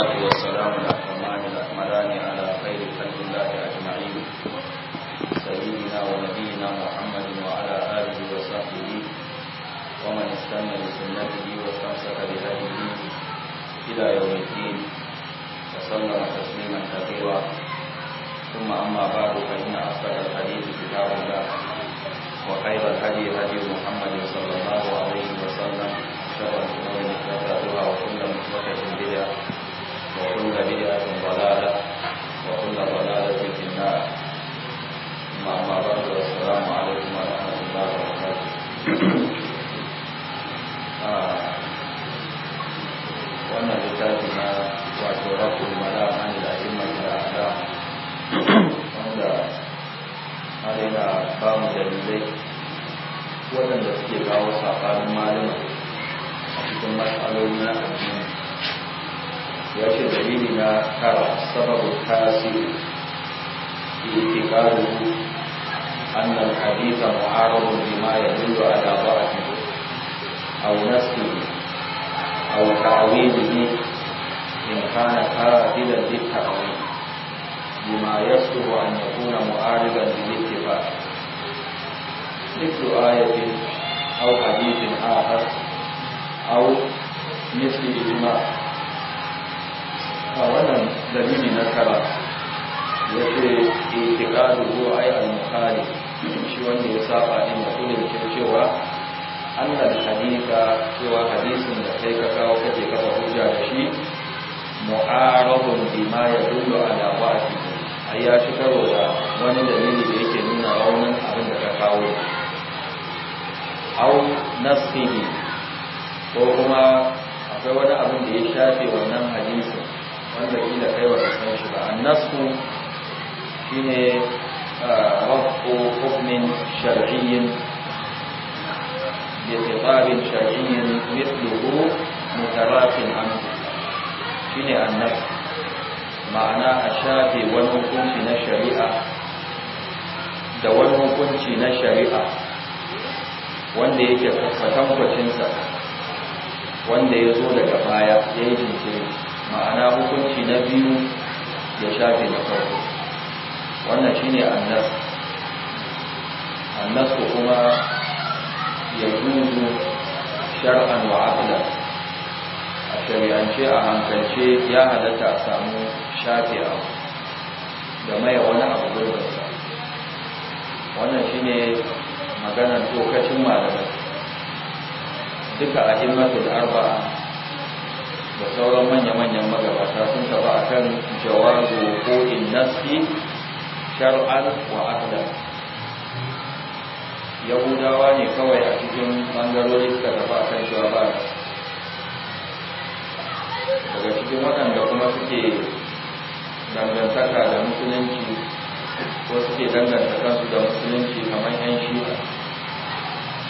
والصلاة والسلام الأكرمان الأكملان على خير خلق الله أجمعين سيدنا ونبينا محمد وعلى آله وصحبه ومن استنى بسنته واستمسك بهديه إلى يوم الدين وسلم تسليما كثيرا ثم أما بعد فإن أصدق الحديث كتاب الله وخير الهدي هدي محمد صلى الله عليه وسلم شر الأمور محدثاتها ba dalilai waɗanda suke kawo saɓanin malama a cikin matsaloli na addini ya ce dalili na tara sababin tasiri itiqaduhu anna al-haditha mu'arabun bima yadullu ala dha'fihi aw nafsihi aw ta'wilihi in kana qadilan lit-ta'wil bima yasluhu an yakuna mu'ariban lil-ittifaq ذكر آية أو حديث آخر أو مثل بما أولا دليل نكرة yake itikadu ko ai al-bukhari shi wanda ya saba da kuma da cewa annal haditha cewa hadisin da kai ka kawo kake kafa hujja da shi mu'arabun bima yadullu ala wa'ati ai ya shi karo da wani dalili da yake nuna raunin abin da ka kawo au nasihi ko kuma akwai wani abin da ya shafe wannan hadisi wanda kila kai wa san shi ba annasu shine uh, rafu hukmin shar'iyyin bi khitabin shar'iyyin mithluhu mutarafin anhu shine annasu ma'ana a shafe wani hukunci na shari'a da wani hukunci na shari'a wanda yake kwatankwacinsa wanda ya zo daga baya ya yi jinkiri ma'ana hukunci na biyu ya shafe na farko wannan shi ne annas annas ko kuma ya zuzu shar'an wa a shari'ance a hankalce ya halatta a samu shafe abu da maya wani abu gurbinsa wannan shi ne maganar lokacin malamai duka a himmatul arba'a da sauran manya-manyan magabata sun taba akan jawazu ko innasi shar'an wa ahlan yahudawa ne kawai a cikin bangarori suka taba a kan ba daga cikin waɗanda kuma suke dangantaka da musulunci wasu ke danganta kansu da musulunci kamar yan shiwa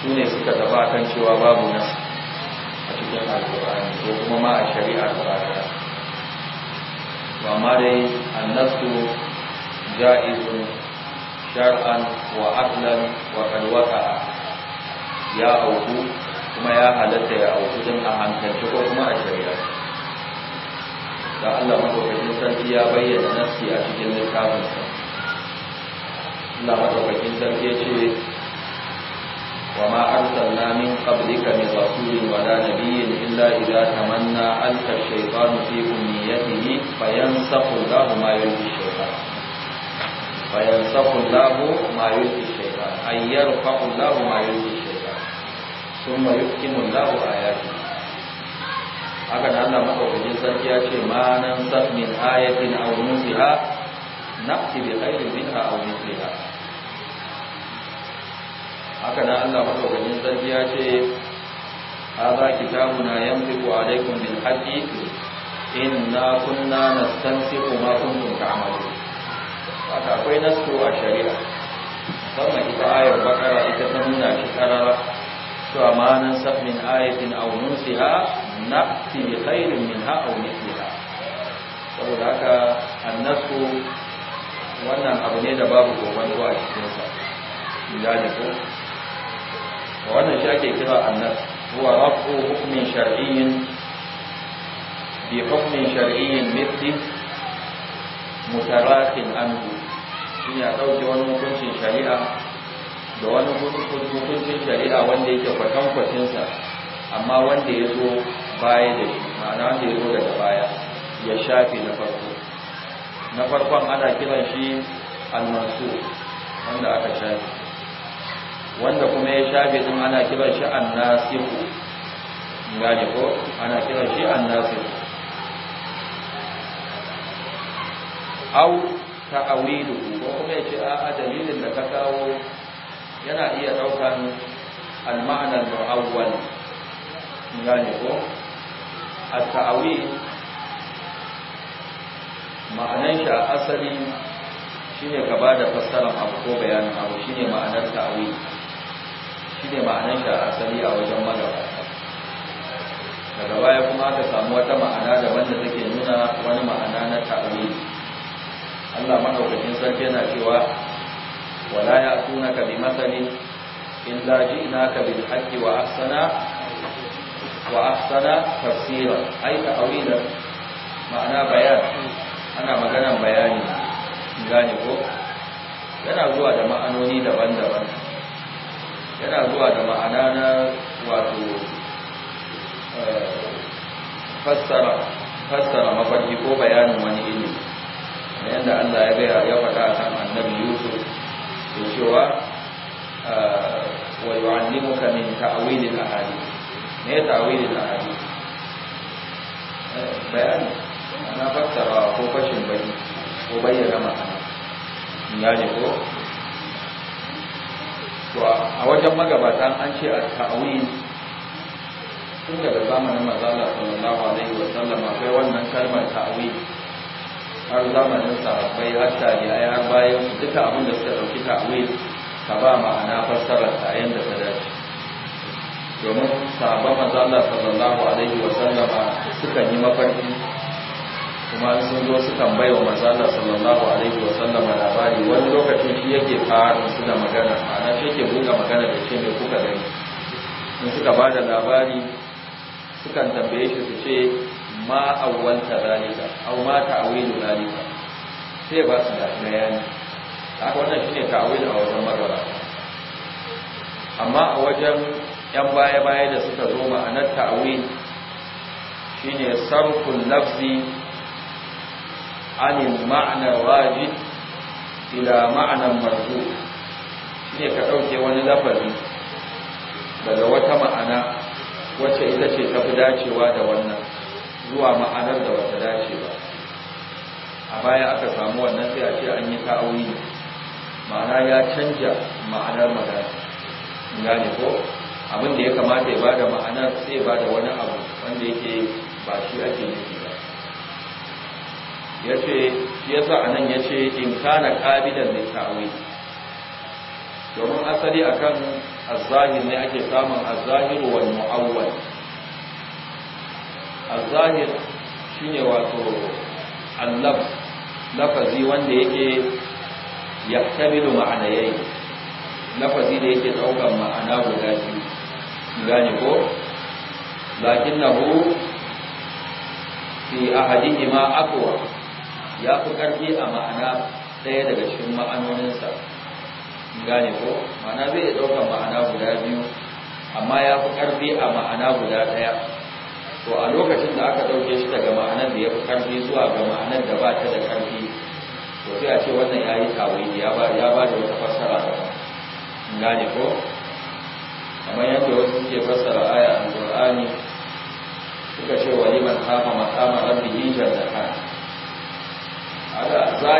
su ne suka a kan cewa babu nasa a cikin alkur'ani ko kuma ma a shari'a ta bada ba ma dai annasu ja'izun shar'an wa aklan wa kalwata ya auku kuma ya halatta ya auku din a hankali ko kuma a shari'a da Allah madaukakin sarki ya bayyana nasi a cikin littafinsa Allah madaukakin sarki ce wa ma arsalna min qablika min rasulin wa la nabiyyin illa idza tamanna alka shaytanu fi umniyatihi fayansakhu Allahu ma yulqi shaytan fayansakhu Allahu ma ayyar shaytan ay yarfa'u Allahu ma sun mayu thumma yuqimu Allahu ayatihi haka da Allah madaukakin sarki ya ce ma nan sa a ayatin aw nusiha na'ti bi khairin a aw haka nan Allah madaukakin sarki ya ce hadha kitabuna yamliku alaykum bil haqqi inna kunna nastansiqu ma kuntum ta'malun haka akwai nasu a shari'a musamman ita ayar bakara ita ta nuna shi karara to amma nan min ayatin aw nusiha nafti bi khairin minha aw mithliha saboda haka annasu wannan abu ne da babu gobanto a cikin sa da ko wannan shi ake kira annas huwa rafu hukmin shar'iyyin bi hukmin shar'iyyin mithli mutarafin anhu shi ya dauke wani hukuncin shari'a da wani hukuncin shari'a wanda yake kwatan sa amma wanda ya zo baya da shi ma'ana wanda ya zo daga baya ya shafi na farko na farkon ana kiran shi al-mansur wanda aka shafi wanda kuma ya shafe din ana kira shi annasihu gane ko ana kira shi annasihu au ta'awilu ko kuma ya ce a dalilin da ka kawo yana iya daukan al-ma'ana al-awwal gane ko at-ta'awil ma'anar shi a asali shine ka bada fassarar abu ko bayanin abu shine ma'anar ta'awil shi ne ma'anar shi a asali a wajen magabata daga baya kuma aka samu wata ma'ana daban da take nuna wani ma'ana na ta'awili Allah madaukakin sarki yana cewa wala ya ka bi mathalin na ka bil haqqi wa ahsana wa ahsana tafsira ai ta'awila ma'ana bayan ana maganan bayani gane ko yana zuwa da ma'anoni daban-daban yana zuwa da ma'ana na wato eh, fassara mafarki ko bayanin wani ilmi na yadda Allah ya gaya ya faɗa a kan annabi Yusuf da cewa eh, wa yu'allimuka min ta'wilil ya ne ta'wilil ahadith eh, bayani ana fassara ko fashin bayi ko bayyana ma'ana ya ne ko to a wajen magabata an ce a ta'awin tun daga zamanin mazala sallallahu alaihi wa sallam akwai wannan kalmar ta'awin har zamanin sahabbai har tabi'ai yar bayan su duka abin da suka dauki ta'awin ka ba ma'ana fassarar ta da ta dace domin sahabban mazala sallallahu alaihi wa sallama sukan yi mafarki kuma sun zo su kan wa manzana sallallahu alaihi wa sallam labari wani lokaci shi yake fara suna magana ana shi yake buga magana da shi mai kuka gani in suka ba da labari sukan tambaye shi su ce ma awwalta zalika aw ma ta'wilu zalika sai ba su da bayani haka wannan shine ta'wil a wajen magana amma a wajen yan baya-baya da suka zo ma'anar ta'wil shine sarkun lafzi عن المعنى wajib ila معنى مرفوع shine ka ɗauke wani lafazi daga wata ma'ana wacce ita ce ta fi dacewa da wannan zuwa ma'anar da wata dace ba a baya aka samu wannan sai a ce an yi ta'auni ma'ana ya canja ma'anar magana gane ko abin da ya kamata ya bada ma'anar sai ya bada wani abu wanda yake ba shi ake nufi ya ce shi yasa a nan ya ce in kana ƙabidan da ta'awi domin asali akan azahir ne ake samun azahir wal mu'awwal azahir shine wato allaf lafazi wanda yake yahtamilu ma'anayai lafazi da yake daukan ma'ana guda biyu gane ko lakinnahu fi ma aqwa ya fi ƙarfi a ma'ana ɗaya daga cikin ma'anoninsa gane ko ma'ana zai iya ɗaukar ma'ana guda biyu amma ya fi ƙarfi a ma'ana guda ɗaya to a lokacin da aka ɗauke shi daga ma'anar da ya fi ƙarfi zuwa ga ma'anar da ba ta da ƙarfi to sai a ce wannan ya yi tawili ya ba da wata fassara da gane ko kamar yadda wasu suke fassara aya a alƙur'ani suka ce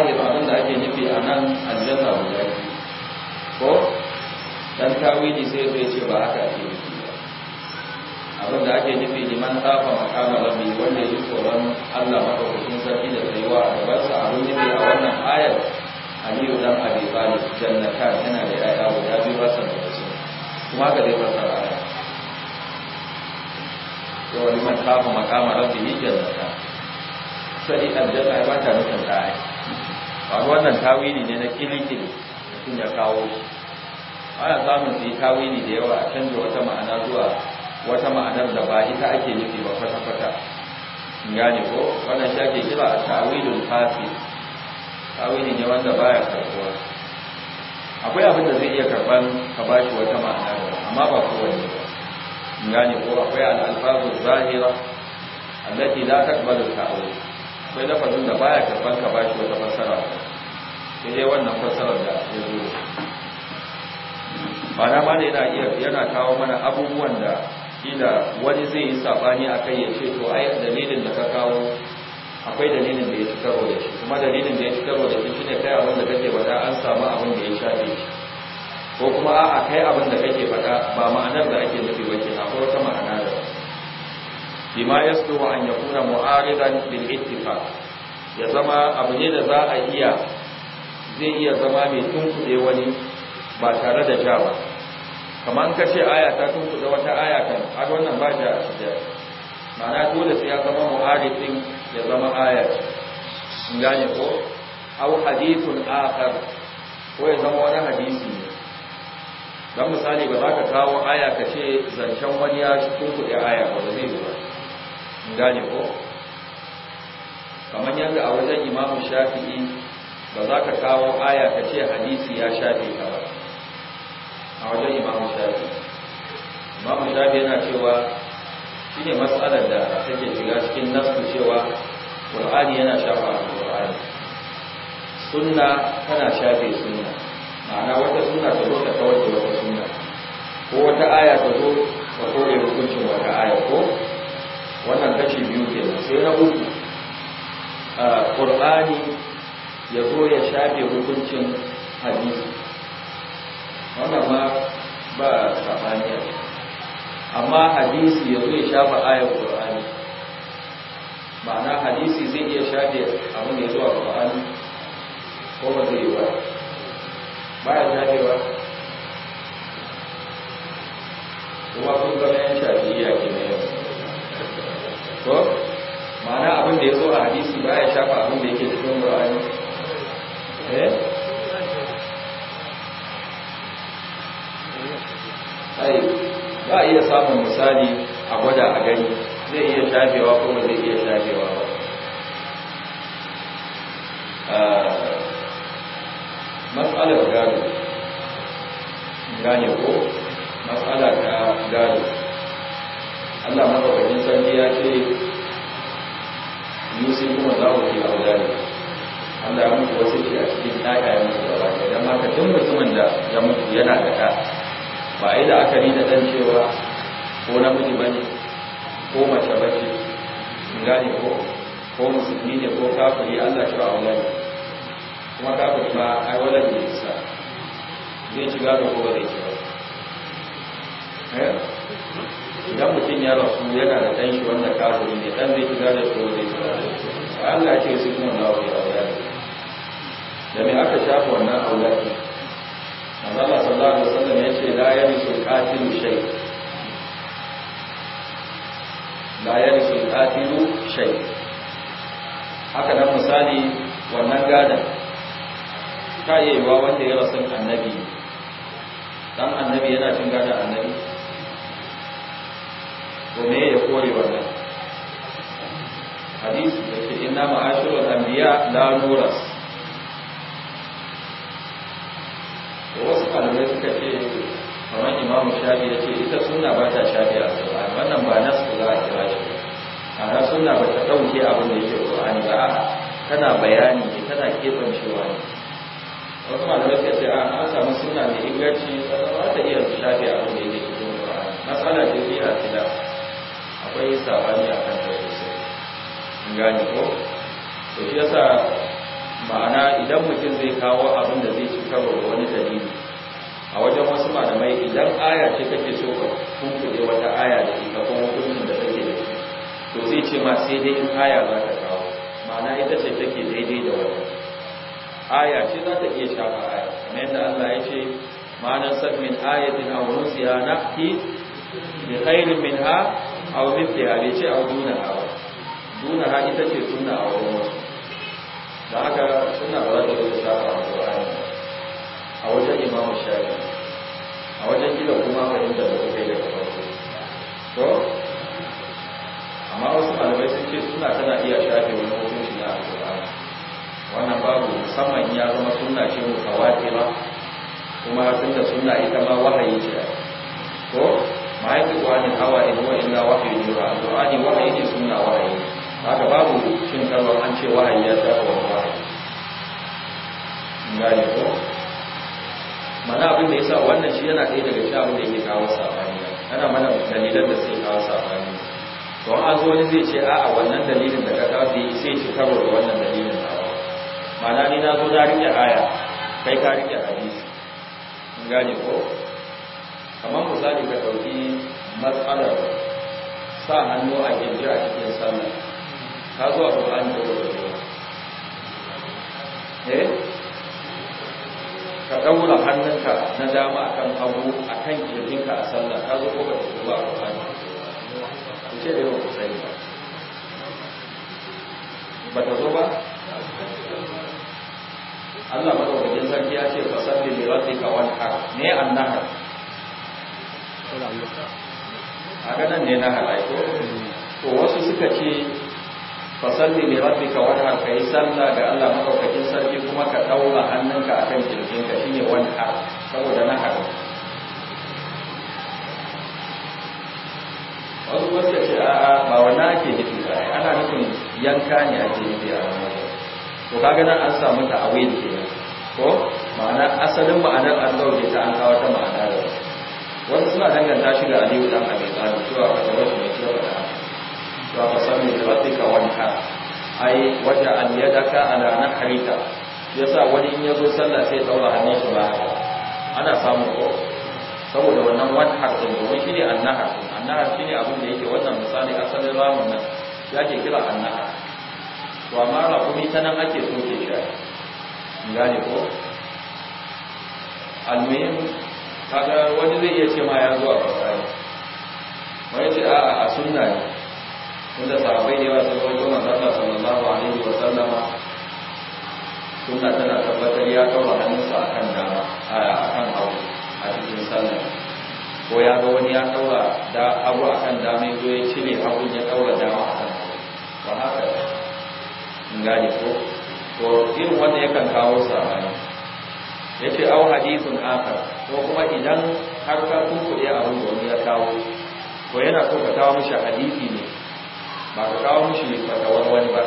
zahirin abin da ake nufi a nan aljanna guda ko dan tawili sai zai ce ba haka ake nufi ba abin da ake nufi liman tafa makama rabbi wanda ya tsoron Allah madaukakin sarki da tsayuwa a gabansa abin nufi a wannan ayar aliyu dan abi talib jannata yana da yaya guda biyu ba san da su kuma haka dai fasara ayar yau liman tafa makama rabbi jannata sai aljanna ba ta nufin ɗaya kaga wannan tawili ne na kilikili mutum ya kawo shi ana samun su yi tawili da yawa a canza wata ma'ana zuwa wata ma'anar da ba ita ake nufi ba kwata-kwata gane ko wannan shi ake kira a tawilin fasi tawili ne wanda baya karbuwa akwai abin da zai iya karban ka ba shi wata ma'ana da amma ba kowanne ba gane ko akwai al'alfazun zahira allati la takbalu ta'awil akwai fadin da baya karban ka bashi wata fassara sai dai wannan fassarar da ya zo ba na ma yana yana kawo mana abubuwan da kila wani zai yi sabani kai ya ce to ai dalilin da ka kawo akwai dalilin da ya ci karo da shi kuma dalilin da ya ci karo da shi shine kai abin da kake faɗa an samu abin da ya shafe shi ko kuma a'a kai abin da kake faɗa ba ma'anar da ake nufi ba kenan akwai wata ma'ana bima yasdu an yakuna mu'aridan bil ittifaq ya zama abu ne da za a iya zai iya zama mai tunkuɗe wani ba tare da jawa. kamar ka ce aya ta tunkuɗe wata aya kan har wannan ba ta a ma'ana dole sai ya zama mu'arid din ya zama aya ce in gane ko aw hadithun akhar ko ya zama wani hadisi ne dan misali ba za ka kawo aya ka ce zancen wani ya tunkuɗe aya ba zai yi ba gane ko kamar yadda a wajen imamu shafi'i ba za ka kawo aya ka ce hadisi ya shafe ka ba a wajen imamu shafi'i imamu Shafi yana cewa shi ne matsalar da take shiga cikin nasu cewa ƙur'ani yana shafa a ƙur'ani sunna tana shafe sunna ma'ana wata sunna ta zo ta kawar da wata sunna ko wata aya ta zo ta kore hukuncin wata aya ko wannan kashi biyu ke sai na uku a ƙur'ani ya zo ya shafe hukuncin hadisi wannan ma ba saɓani amma hadisi ya zo ya shafa ayar ƙur'ani ma'ana hadisi zai iya shafe abin da ya zo a ƙur'ani ko ba zai yi ba ba ya ba kuma kun gama yan shafe to ma'ana abin da ya zo a hadisi ba ya shafa abin da yake cikin ra'ayi eh ai ba a iya samun misali a gwada a gani zai iya shafewa ko ba zai iya shafewa ba ah, matsalar gado gane ko matsala ta gado Allah madaukakin sarki ya ce yusi kuma za ku fi aulani Allah ya mutu wasu ke a cikin ɗayayen mutu gaba ɗaya don haka duk mutumin da ya mutu yana da ɗa ba a yi da aka da ɗan cewa ko namiji ba ne ko mace ba ce gane ko ko musulmi ne ko kafiri Allah shi a wani kuma kafiri ma yi wala ne sa zai ci gado ko ba zai ci ba eh? idan mutum ya rasu yana da ɗan shi wanda kafiri ne ɗan zai shiga da tsoro zai shiga da shi Allah ce su kuma na wuri aulaki da me aka shafa wannan aulaki Allah sallallahu alaihi wasallam ya ce la yarisul qatilu shay la yarisul qatilu shay haka nan misali wannan gadan ta yi wa wanda ya rasu annabi dan annabi yana cin gadan annabi to me ya kore wannan hadisi da ke inna ma'ashirul anbiya la nuras to wasu kalmai suka ce kamar imam shafi ya ce ita sunna ba ta shafi a alƙur'ani wannan ba nasu za a kira shi ana sunna ba ta ɗauke abin da yake An ba tana bayani ne tana keɓancewa ne wasu malamai suka ce an samu sunna mai inganci zama ta iya shafi abin da yake cikin alƙur'ani matsala ce fiye a tilas akwai sabani a kan kai sosai an gane ko to shi yasa ma'ana idan mutum zai kawo abin da zai ci karo da wani dalili a wajen wasu malamai idan aya ce kake so ka kunkuɗe wata aya da ita kuma hukuncin da take da shi to zai ce ma sai dai in aya za ka kawo ma'ana ita ce take daidai da wani. aya ce za ta iya shafa aya kamar yadda Allah ya ce ma'anar sabmin ayatin a wurin siya na fi da khairin min ha au mithliha bai ce au duna Nuna duna ha ita ce suna a wurin wasu da haka suna ba za ta zo sa a Qur'ani a wajen Imam Shafi a wajen kila kuma fahimta da kuka yi daga farko to amma wasu malamai sun ce suna tana iya shafe wani hukunci na Qur'ani wannan babu musamman ya zama suna ce mutawatira kuma da suna ita ma wahayi ce ko ma yake kuwa ne hawa in in illa wahayi ne ba qur'ani wahayi ne sunna wahayi haka babu shin kalmar an ce wahayi ya shafa wa wahayi gane ko mana abin da yasa wannan shi yana ɗaya daga cikin abin da yake kawo sabani ana mana dalilan da sai kawo sabani to an zo wani zai ce a'a wannan dalilin da ka kawo bai sai ci karo da wannan dalilin na ba mana ni na zo na rike aya kai ka rike hadisi gane ko kamar misali ka ɗauki matsalar sa hannu a a cikin sama ka zuwa ƙur'ani ko da ta eh ka ɗaura hannunka na dama akan hagu akan kirjinka a sallah ka zo ko ba ta zuwa ku ce da yau ku sani ba ba ta zo ba Allah madaukakin sarki ya ce fasalli li rabbika wanhar me annahar a ganin ne na halaiko to wasu suka ce fasalli ne rabbi ka wani har ka yi sallah ga allah maɗaukakin sarki kuma ka ɗaura hannunka a kan kirjinka ka shine wani har saboda na har wasu wasu ce a'a ba wani ake nufi ba ana nufin yanka ne a nufi a wani to kaga nan an samu ta ta'awil kenan ko ma'ana asalin ma'anar an dauke ta an kawo ta ma'ana da wasu wasu suna danganta shi da aliyu dan abi talib cewa ka zama da mutum da ka cewa ka san mai ka wanka ai waja an yadaka ala nahrika yasa wani in yazo sallah sai daura hannun shi ba ana samu ko saboda wannan wanhar din domin shi ne annaha annaha shi ne abin da yake wannan misali asalin ramin nan ya ke kira annaha. to amma rakumi ta nan ake soke shi gane ko almuhim kaga wani zai iya ce ma ya zuwa a fasari wani ce a a sunna ne tunda sahabbai da yawa sun rawaito manzon Allah sallallahu alaihi wa sallama sunna tana tabbatar ya kawo hannunsa akan dama akan hagu a cikin sallah ko ya ga wani ya daura da abu akan dama ya zo ya cire abun ya daura dama akan ba haka in gane ko to irin wanda yakan kawo sabani yace au hadithun akhar ko kuma idan har ka kunkure a wani wani ya kawo ko yana so ka kawo mishi hadisi ne ba ka kawo mishi fatawar wani ba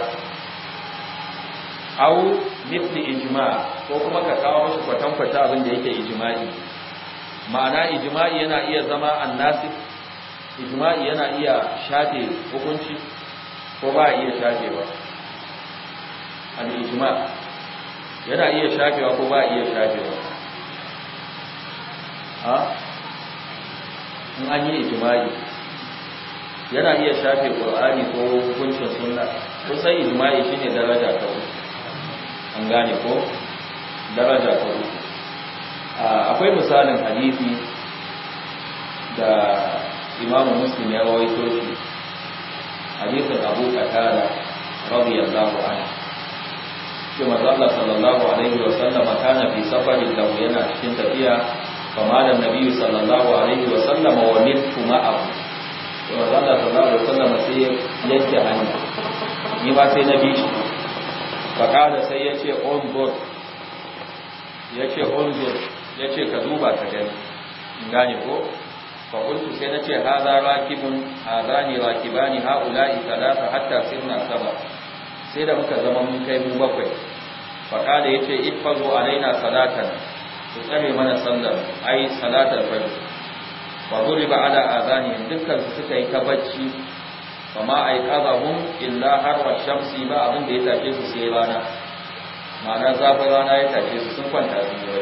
au mithli ijma ko kuma ka kawo mishi kwatankwata abin da yake ijma'i ma'ana ijma'i yana iya zama annasi ijma'i yana iya shafe hukunci ko ba iya shafe ba al-ijma' yana iya shafewa ko ba iya shafewa ha in an yi ijimai yana iya shafe ƙur'ani ko hukuncin Ko kusan ijimai shine daraja ta uku an gane ko daraja ta uku akwai misalin hadisi da imamu muslim ya rawaito shi hadisin abu qatada radiyallahu anhu shi manzo Allah sallallahu alaihi wa sallam kana fi safarin da yana cikin tafiya kama da nabi sallallahu alaihi wa sallam wa mittu ma'a shi manzo Allah sallallahu alaihi wa sallama sai yake hanya ni ba sai nabi shi kada sai yace on board yace on board yace ka duba ka gani in gane ko fa sai nace hadha راكب هذان راكبان haula'i thalatha hatta سرنا سبعة sai da muka zama mun kai mu bakwai faƙada ya ce ifazo a alaina salatan su tsare mana sallar ai salatar fajr ba zuri ba ala azani dukkan su suka yi ta bacci ba ma a yi illa har wa shamsi ba abin da ya tafi su sai rana ma'ana zafin rana ya tafi su sun kwanta su yi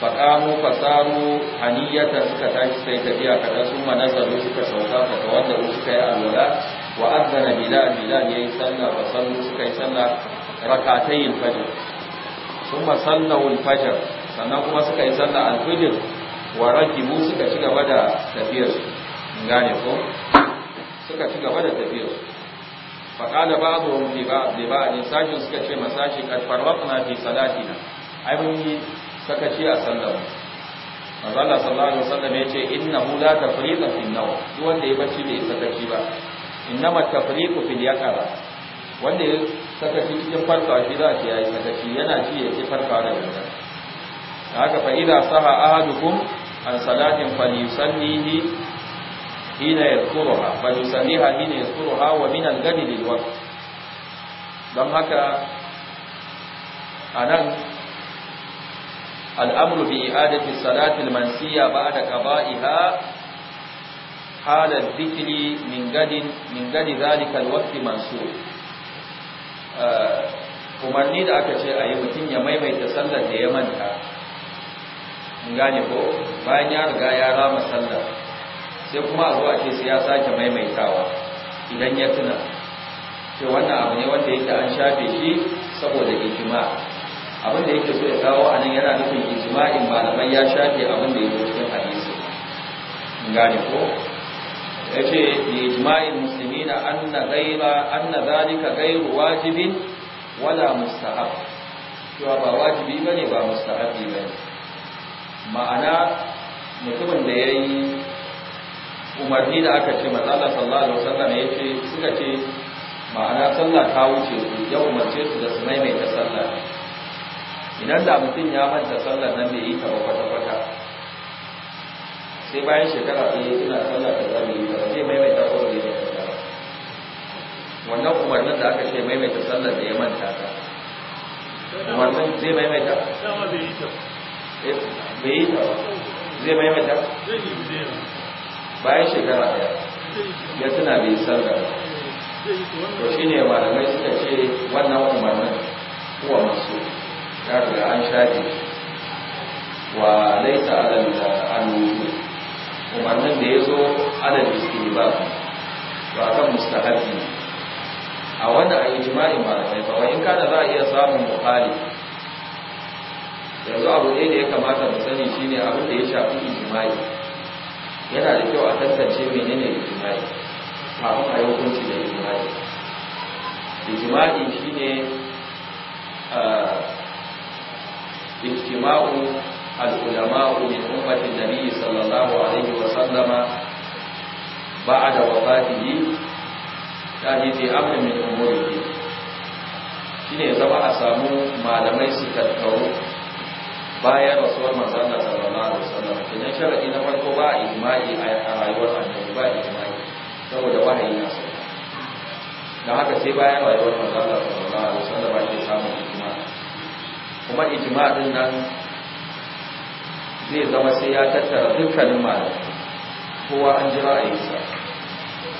faƙamu fasaru haniyata suka tashi sai tafiya kada ma manazaru suka sauka ta wanda suka yi alwala wa azana bilal bilal yayin sallah wa sallu suka yi sallah rakatayn fajr kuma sallu fajr sannan kuma suka yi sallah al-fajr wa rakibu suka ci gaba da tafiyar ngane gane ko suka ci gaba da tafiyar fa kana qala ba'dhum li ba'd li ba'd sajin suka ce masashi kad farratna fi salatina ai mun yi ci a sallar Allah sallallahu alaihi wasallam ya ce innahu la tafriqa fi an-nawm duk wanda ya bacci bai sakaci ba innama tafriqu fil yaqara wanda ya saka cikin farkawa shi za shi yayi shi, yana ji ya ki farkawa da wannan haka fa idza saha ahadukum an salatin falyusallihi hina yadhkuruha falyusalliha hina yadhkuruha wa min al-ghadi lil waqt dan haka anan al'amru amru bi i'adati salati al-mansiya ba'da qada'iha حال الذكر من قد من قد ذلك الوقت منصور ni da aka ce a yi mutum ya maimaita sallar da ya manta gane ko bayan ya riga ya rama sallar sai kuma a zuwa ce sai ya sake maimaitawa idan ya tuna ce wannan abu ne wanda yake an shafe shi saboda ijima abin da yake so ya kawo a nan yana nufin ijima'in malamai ya shafe abin da yake cikin hadisi gane ko yace bi musulmi muslimina anna ghayra anna dhalika gairu wajibin wala mustahab cewa ba wajibi ne ba mustahabi bane ma'ana mutumin da yayi umarni da aka ce manzo sallallahu alaihi wasallam yace suka ce ma'ana sallah ta wuce su ya umarce su da su maimaita sallah idan da mutum ya manta sallar nan bai yi ta kwata kwata sai bayan shekara ɗaya ina sallah ta zami ta zai maimaita ko da mai ta wannan umarnin da aka ce maimaita sallar da ya manta ta umarnin zai maimaita bai yi ta eh, zai maimaita bayan shekara ɗaya ya tuna bai sallar to shi ne malamai suka ce wannan umarnin kuwa masu ya an shafe wa laisa alal alwudu umarnin da ya zo suke istihbab ba kan mustahabi a wanda a yi jima'i ba in da za a iya samun muhali yanzu abu ne da ya kamata mu sani shine abin da ya shafi jima'i yana da kyau a tantance menene jima'i kafin a yi hukunci da jima'i shi shine ah, ijtima'u العلماء من أمة النبي صلى الله عليه وسلم بعد وفاته يعني في أمر من أموره shine zama a samu malamai su tattaru bayan rasuwar manzana sallallahu alaihi wasallam Kina sharadi na farko ba ijma'i a rayuwar annabi ba ijma'i saboda wahayi na sa Da haka sai bayan rayuwar manzana sallallahu alaihi wasallam ake samun ijma'i kuma din nan zai zama sai ya tattara dukkanin malamai kowa an ji ra'ayinsa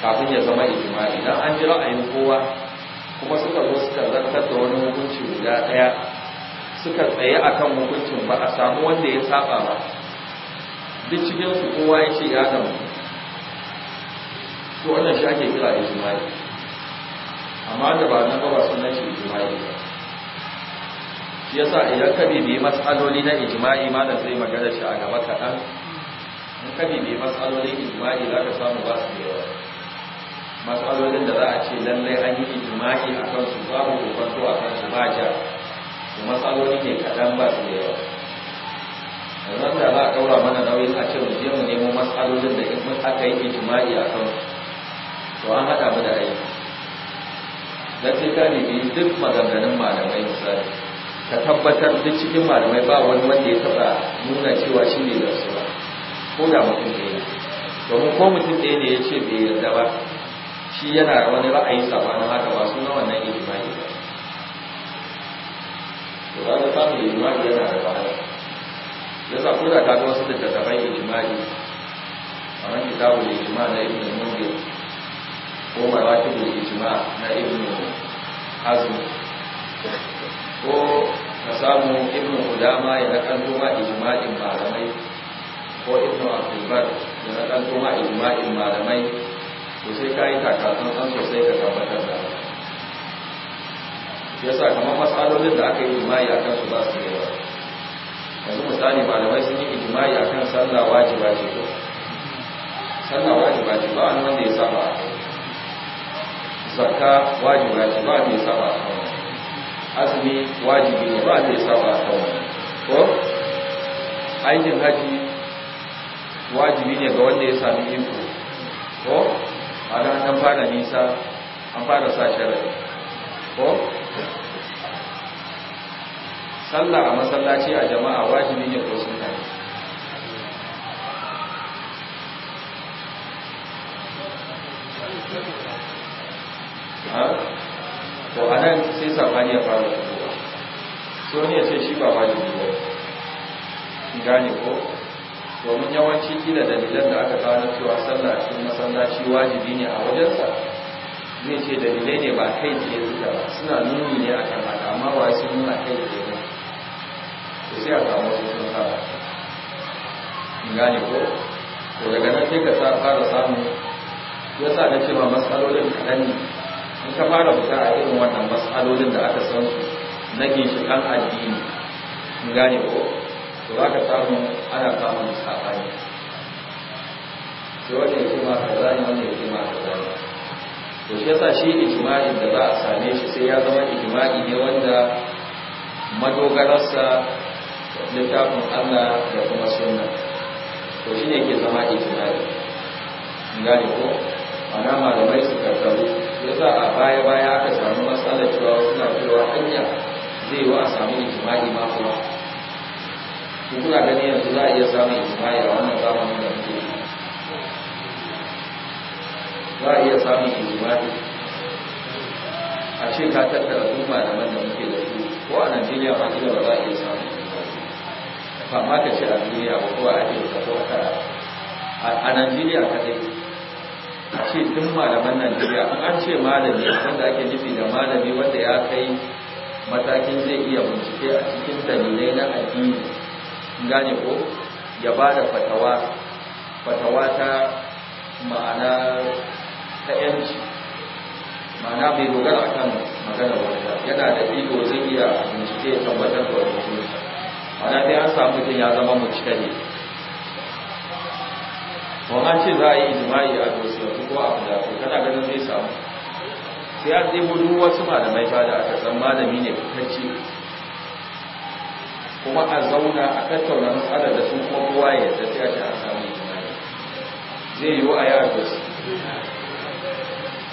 kafin ya zama ijma'i don an ji ra'ayin kowa kuma suka zo suka zartar da wani hukunci guda daya suka tsaye a kan hukuncin ba a samu wanda ya saba ba duk cikin su kowa ya ce ya gamu su wannan shi ake kira ijimari amma da ba na gaba sunan shi ijma'i ba shi yasa idan ka bibi matsaloli na ijma'i ma da zai magana shi a gaba kaɗan in ka bibi matsalolin ijma'i za ka samu ba su yawa matsalolin da za a ce lallai an yi ijma'i a kan su babu kokonto a kan su ba ja to matsaloli ne kaɗan ba su yawa yanzu da za a ɗaura mana nauyin a ce mu je mu nemo matsalolin da in aka yi ijma'i a kan su to an haɗa mu da aiki na sai ka duk maganganun malamai misali ka tabbatar duk cikin malamai ba wani wanda ya taba nuna cewa shi ne da su ba ko da mutum ɗaya domin ko mutum ɗaya ne ya ce bai yarda ba shi yana wani ra'ayi sabanin haka ba su na wannan ijimai ba to ba da samun ijimai yana da wahala yasa ko da ka ga wasu littattafan ijimai kamar kitabul ijma na ibn mundir ko maratibul ijma na ibn hazm ko ka samu ibnu kudama ya nakan ma ijma'in malamai ko ibnu abdulbar ya nakan ma ijma'in malamai to sai ka yi takatun san sosai ka tabbatar da yasa kamar matsalolin da aka yi ijma'i a kansu ba su yawa yanzu misali malamai sun yi ijma'i a kan sallah wajiba ce ko sallah wajiba ce ba wani wanda ya saba zakka wajiba ce ba wani ya saba a azumi wajibi ne ba zai saba a ta ko aikin haji wajibi ne ga wanda ya sami iko ko a ran an fara nisa an fara sa sharadi ko sallah a masallaci a jama'a wajibi ne ko sunna ne Huh? to a nan sai sabani ya fara fitowa so ne ya ce shi ba wajibi ba gane ko domin yawanci kila dalilan da aka kawo cewa sallah cikin masallaci wajibi ne a wajensa zai ce dalilai ne ba kai tsaye suka ba suna nuni ne a kan haka amma wa sun nuna kai tsaye ne to sai a samu wasu sun saba gane ko to daga nan sai ka fara samu yasa na cewa matsalolin kaɗan ne in ka fara fita a irin wannan matsalolin da aka san su na ginshiƙan addini in gane ko to za ka samu ana samun saɓani sai wanda ya ce ma kaza ne wanda ya ce ma kaza ne to shi yasa shi ijma'in da za a same shi sai ya zama ijma'i ne wanda madogararsa littafin Allah da kuma sunna to shi ne ke zama ijma'i gane ko ana malamai su karkaru yasa a baya baya aka samu matsalar cewa suna cewa hanya zai wa a samu ijimai ma kuma kuna gani yanzu za a iya samun ijimai a wannan zamanin da muke za a iya samun ijimai a ce ka tattara duk malaman da muke da su ko a Najeriya ma kila ba za a iya samun ba ma ka ce a duniya ba ko a ka ko a a Najeriya dai ce duk malaman Najeriya an ce malami wanda ake nufi da malami wanda ya kai matakin zai iya bincike a cikin dalilai na addini gane ko ya ba da fatawa fatawa ta ma'ana ta yanci ma'ana bai dogara akan magana wata yana da ido zai iya bincike ya tabbatar da wata ma'ana dai an samu mutum ya zama mu ne kuma ma ce za a yi jima'i a dosu ko a fida ko kana ganin zai samu sai a ɗebo duk wasu malamai ba da aka san malami ne fitacce kuma a zauna a tattauna matsala da su kuma kowa ya yadda a a samu jima'i zai yiwu a yi a dosu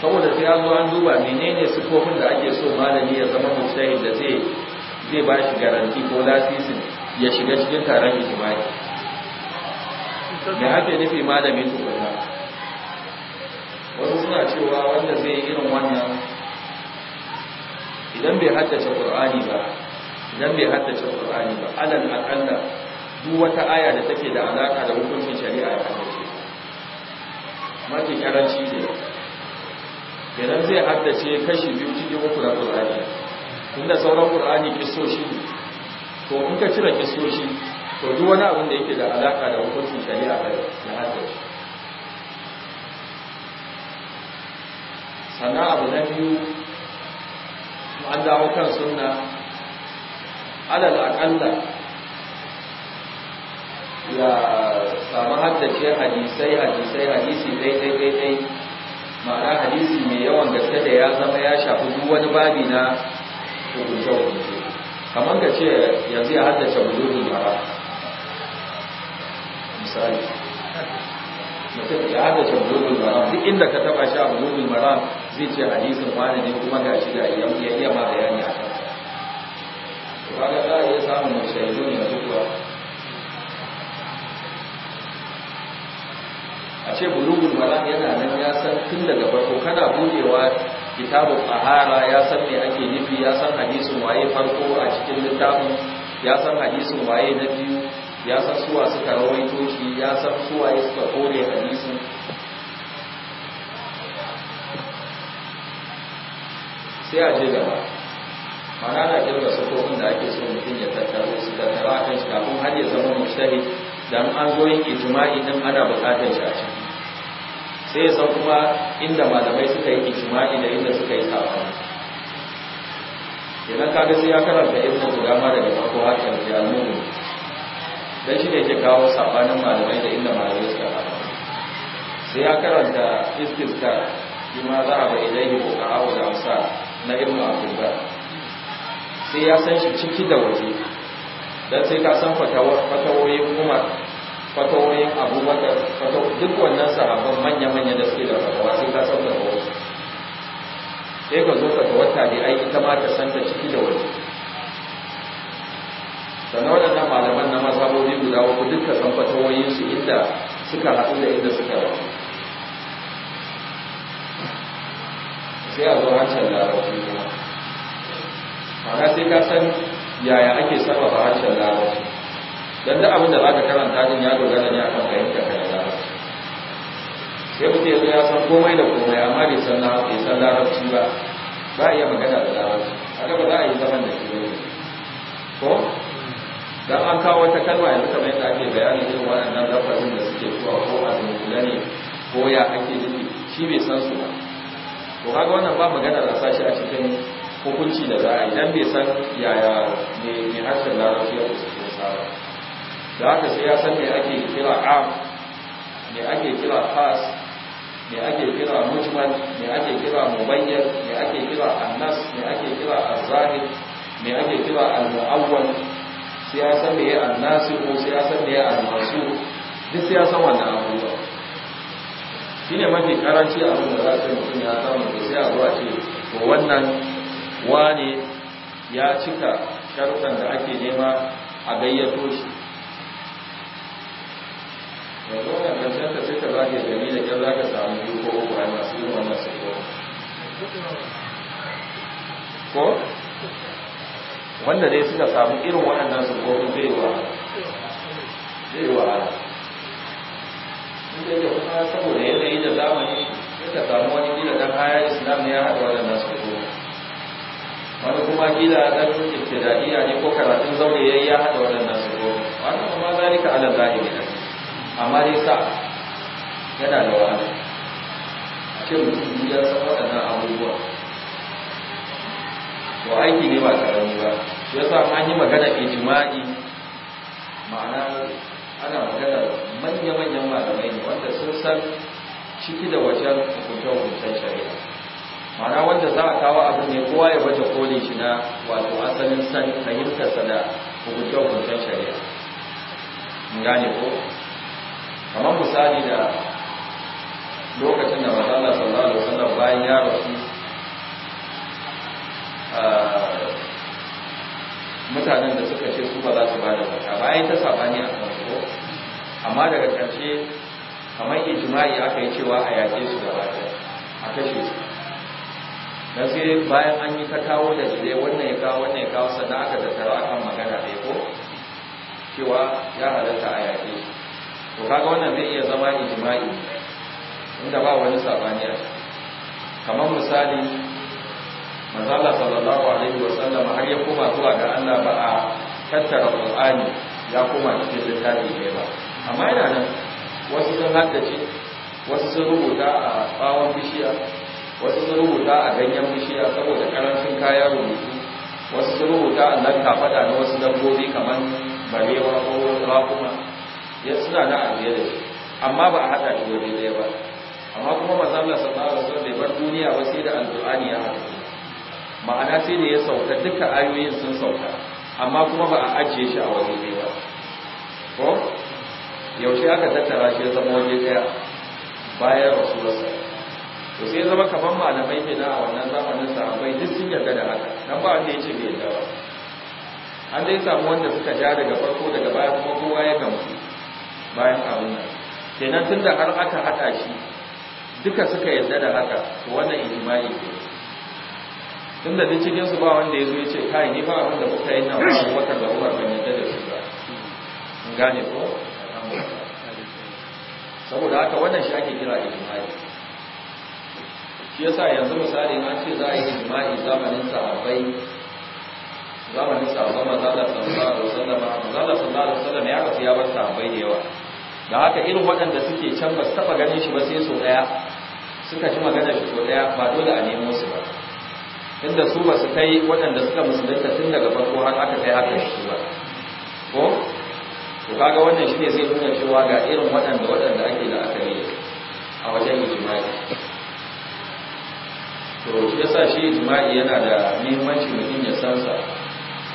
saboda sai an zo an duba menene sifofin da ake so malami ya zama mujtahid da zai ba shi garanti ko lasisin ya shiga cikin taron jima'i? me ake nufi malamin tukuna wasu suna cewa wanda zai yi irin wannan idan bai haddace Kur'ani ba idan bai haddace Kur'ani ba alal aqalla duk wata aya da take da alaka da hukuncin shari'a ya haddace mafi karanci ne kenan zai haddace kashi biyu cikin uku na qur'ani tunda sauran ƙur'ani kisoshi to in ka cire kisoshi to duk wani abin da yake da alaka da hukuncin shari'a da ya hada shi sannan abu na biyu an dawo kan sunna alal aqalla ya samu haddace hadisai hadisai hadisi daidai daidai ma'ana hadisi mai yawan gaske da ya zama ya shafi duk wani babi na hukunce hukunce kamar ka ce yanzu ya haddace bulugun ba misali mutum ya haɗa shi bulugul maram duk inda ka taɓa shi a bulugul maram zai ce hadisin wani ne kuma ga shi da ya iya ma bayani a kansa to kaga za a iya samun shaidu ne yanzu kuwa a ce bulugun maram yana nan ya san tun daga farko kana buɗewa kitabun ahara ya san me ake nufi ya san hadisin waye farko a cikin littafin ya san hadisin waye na biyu ya san suwa suka rawaito shi ya san suwa ya suka kore hadisin sai a je gaba mana na kirga sufofin da ake so mutum ya tattaro su da tara kan shi kafin har ya zama mujtahid dan an zo yin ijma'i din ana buƙatar shi a ciki sai ya san kuma inda malamai suka yi ijma'i da inda suka yi sabani idan kaga sai ya karanta ibnu qudama daga farko har ya al sai shi ne ke kawo sabanin malamai da inda malamai suka kawo sai ya karanta iskiska shi ma za a bai ilaihi ko ka hawo da amsa na irin abubuwa sai ya san shi ciki da waje Don sai ka san fatawoyin umar fatawoyin abubakar duk wannan sahabban manya-manya da suke da fatawa sai ka san fatawoyin sai ka zo ka ga da ai ita ma ta san ta ciki da waje sannan waɗannan malaman na mazhabobi guda uku dukkan san su inda suka haɗu da inda suka ba sai a zo harshen larabci kuma ana sai ka san yaya ake sarrafa harshen larabci don da abin da za ka karanta din ya dogara ne akan fahimta ka da larabci sai mutum yanzu ya san komai da komai amma bai san larabci ba ba a iya magana da larabci haka ba za a yi zaman da ke ko dan an kawo wata kalma yanzu kamar yadda ake bayanin irin waɗannan lafazin da suke zuwa ko a zuwa ne ko ya ake nufi shi bai san su ba to kaga wannan ba magana da sashi a cikin hukunci da za a yi dan bai san yaya ne ne harshen larabci ya kusa sara da haka sai ya san me ake kira am me ake kira fas me ake kira mujmal me ake kira mubayyan me ake kira annas me ake kira azahir me ake kira al-mu'awwal da ya annasi ko da ya almasu duk sai wanda abubuwa shi ne mafi karanci a da za ta mutum ya samu da sai a zuwa ce to wannan wane ya cika sharuɗan da ake nema a gayyato shi yanzu wannan ƙarshen sai ka za ka gani da ƙyar za ka samu biyu ko uku a masu yi wannan sako ko wanda dai suka samu irin waɗannan sufofin zai wa zai wa ala inda yake kuma saboda yanayi da zamani suka samu wani gida ɗan haya islam ya haɗa waɗannan sufofin wani kuma gida ɗan ibtidaiya ne ko karatun zaune yayi ya haɗa waɗannan sufofin wannan kuma zalika ala zahiri ne amma dai sa yana da wahala a ce mutum ya san waɗannan abubuwa to aiki ne ba karami ba ya sa an yi magana ijma'i ma'ana ana magana manya-manyan malamai ne wanda sun san ciki da wajen hukuntar hukuntar shari'a ma'ana wanda za a kawo abin ne kowa ya baje kolin shi na wato asalin san fahimtarsa da hukuntar hukuntar shari'a gane ko kamar misali da lokacin da mazala sallallahu alaihi wasallam bayan ya rasu Ah, mutanen da suka ce su ba za su ba da zaka ba ai ta sabani a kan su amma daga karshe kamar ijma'i aka yi cewa a yaƙe su da bata a kashe su dan sai bayan an yi ta kawo da jire wannan ya kawo wannan ya kawo sannan aka tattara akan magana da ko cewa ya halatta a yaƙe to kaga wannan zai iya zama ijma'i inda ba wani sabani kamar misali manzo Allah sallallahu alaihi wasallam har ya koma zuwa ga Allah ba a tattara Qur'ani ya koma cikin littafi ne ba amma yana nan wasu sun haddace wasu sun rubuta a bawon bishiya wasu sun rubuta a ganyen bishiya saboda karancin kaya rubutu wasu sun rubuta a nan kafada na wasu dabbobi kamar barewa ko rakuma ya suna na abiye da shi amma ba a haɗa shi wani ɗaya ba amma kuma manzo Allah sallallahu alaihi wasallam bai bar duniya ba sai da alqur'ani ya haɗa ma'ana sai da ya sauka duka ayoyin sun sauka amma kuma ba a ajiye shi a waje ba ko yaushe aka tattara shi ya zama waje daya bayan sa. to sai zama kaman malamai ke na a wannan zamanin bai duk sun yarda da haka dan ba wanda ya ce bai yarda ba an dai samu wanda suka ja daga farko daga baya kuma kowa ya gamsu bayan abin nan kenan tunda har aka haɗa shi duka suka yarda da haka to wannan ijma'i ne tun da duk cikinsu su ba wanda ya zo ya ce kai ni ba abin da yi nan ba wata da Umar ban yadda da su ba mun gane ko saboda haka wannan shi ake kira ijma'i shi yasa yanzu misali an ce za a yi ijma'i zamanin sahabbai zamanin sahabban manzala sallallahu alaihi wasallam manzala sallallahu alaihi wasallam ya rasu ya bar sahabbai da yawa da haka irin waɗanda suke can ba su taɓa ganin shi ba sai sau ɗaya suka ci magana shi sau ɗaya ba dole a nemo su ba inda su ba su kai waɗanda suka musulunta tun daga farko har aka kai haka shi ba ko to kaga wannan shi ne zai nuna cewa ga irin waɗanda waɗanda ake da aka yi a wajen ijma'i to shi yasa shi ijma'i yana da muhimmanci mutum ya san sa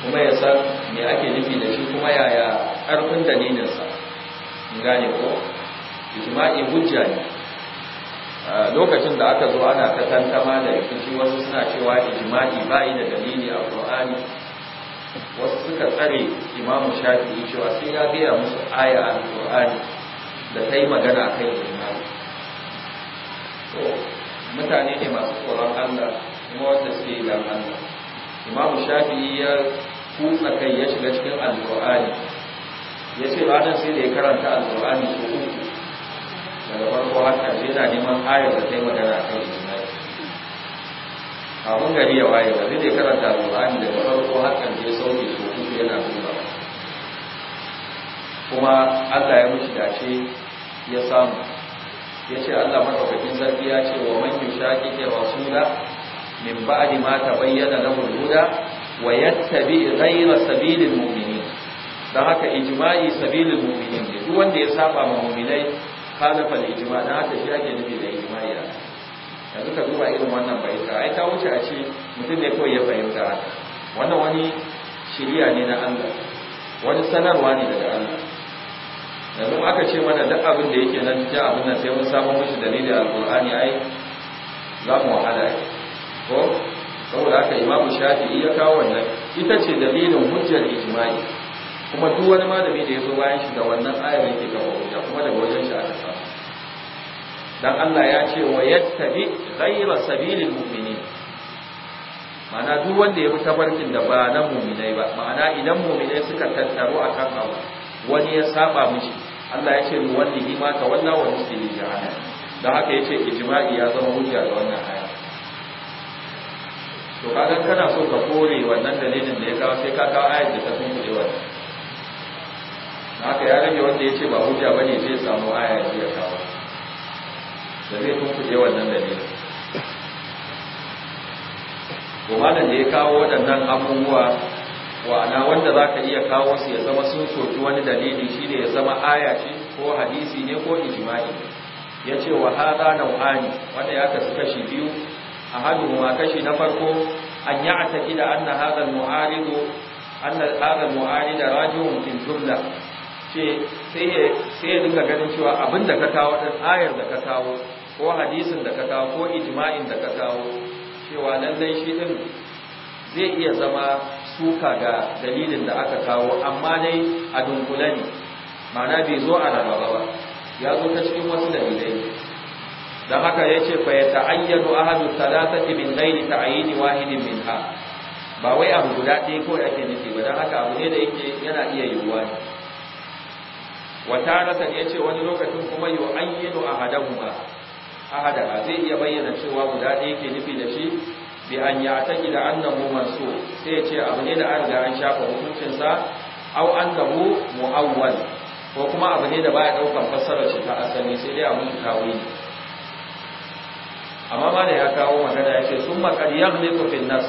kuma ya san me ake nufi da shi kuma yaya ƙarfin dalilinsa gane ko ijma'i hujja ne lokacin da aka zo ana ta tantama da shi wasu suna cewa ba yi da dalili a Qur'ani wasu suka tsare Imamu Shafi'i cewa sai ya gaya musu aya a Qur'ani da ta yi magana kai ijma'i to mutane ne masu tsoron Allah kuma wanda suke yi Allah Imamu Shafi'i ya kusa kai ya shiga cikin Al-Qur'ani ya ce ranar sai da ya karanta Al-Qur'ani su uku daga farko har ƙarshe na neman ayar da ta magana a kan ijimai kafin gari ya waye ba zai karanta alƙur'ani daga farko har ƙarshe sauke ko kuma yana duba kuma Allah ya mishi dace ya samu ya ce Allah maɗaukakin sarki ya ce wa man yushaqiqi rasula min ba'di ma tabayyana lahu al-huda wa yattabi ghayra sabilil mu'minin dan haka ijma'i sabilil mu'minin duk wanda ya saba ma mu'minai khalafa al-ijma dan haka shi ake nufi da ijma'i yanzu ka duba irin wannan baita ai ta wuce a ce mutum ne kawai ya fahimta haka wannan wani shiriya ne na Allah wani sanarwa ne daga Allah yanzu aka ce mana duk abin da yake nan ta, abin nan sai mun samu mishi dalili alqur'ani ai za mu wahala ko saboda haka imamu shafi'i ya kawo wannan ita ce dalilin hujjar ijma'i kuma duk wani malami da ya zo bayan shi da wannan ayar yake gaba wuta kuma daga wajen shi aka samu dan Allah ya ce wa yattabi ghayra sabilil mu'minin ma'ana duk wanda ya bi tabarkin da ba na mu'minai ba ma'ana idan mu'minai suka tattaro akan abu wani ya saba mishi Allah ya ce wanda yi ma ka walla wa muslimi jahannam dan haka yace ijma'i ya zama hujja ga wannan ayar to kaga kana so ka kore wannan dalilin da ya kawo sai ka kawo ayar da ta wannan haka ya rage wanda ya ce ba hujja ba ne zai samu aya ya iya kawo da zai kuje wannan ne kuma da ya kawo waɗannan abubuwa wa'ana wanda za ka iya kawo su ya zama sun soki wani dalili shi ne ya zama aya ce ko hadisi ne ko ijma'i ya ce wa haɗa nau'ani wanda ya kasu kashi biyu a haɗu ma kashi na farko an yi a taƙi da an na haɗar mu'arido an na in jumla sai ya dinga ganin cewa abin da ka kawo ɗin ayar da ka kawo ko hadisin da ka kawo ko ijma'in da ka kawo cewa lallai shi ɗin zai iya zama suka ga dalilin da aka kawo amma dai a dunkule ne mana bai zo a raba ba ya zo ta cikin wasu dalilai don haka ya ce fa ya ta'ayyanu ahadu salatati min ghairi ta'ayini wahidin minha ba wai abu guda ɗaya ko ake nufi ba don haka abu ne da yake yana iya yiwuwa ne ya ce wani lokacin kuma ba, ahadahuma hadara. zai iya bayyana cewa guda ɗaya yake nufi da shi bi an ya'taqi da annahu masu sai yace abu ne da an an shafa hukuncin sa aw annahu muawwal ko kuma abu ne da baya ɗaukar fassarar shi ta asali sai dai abun ne. amma ba da ya kawo magana yace summa qad yaghliqu fil nas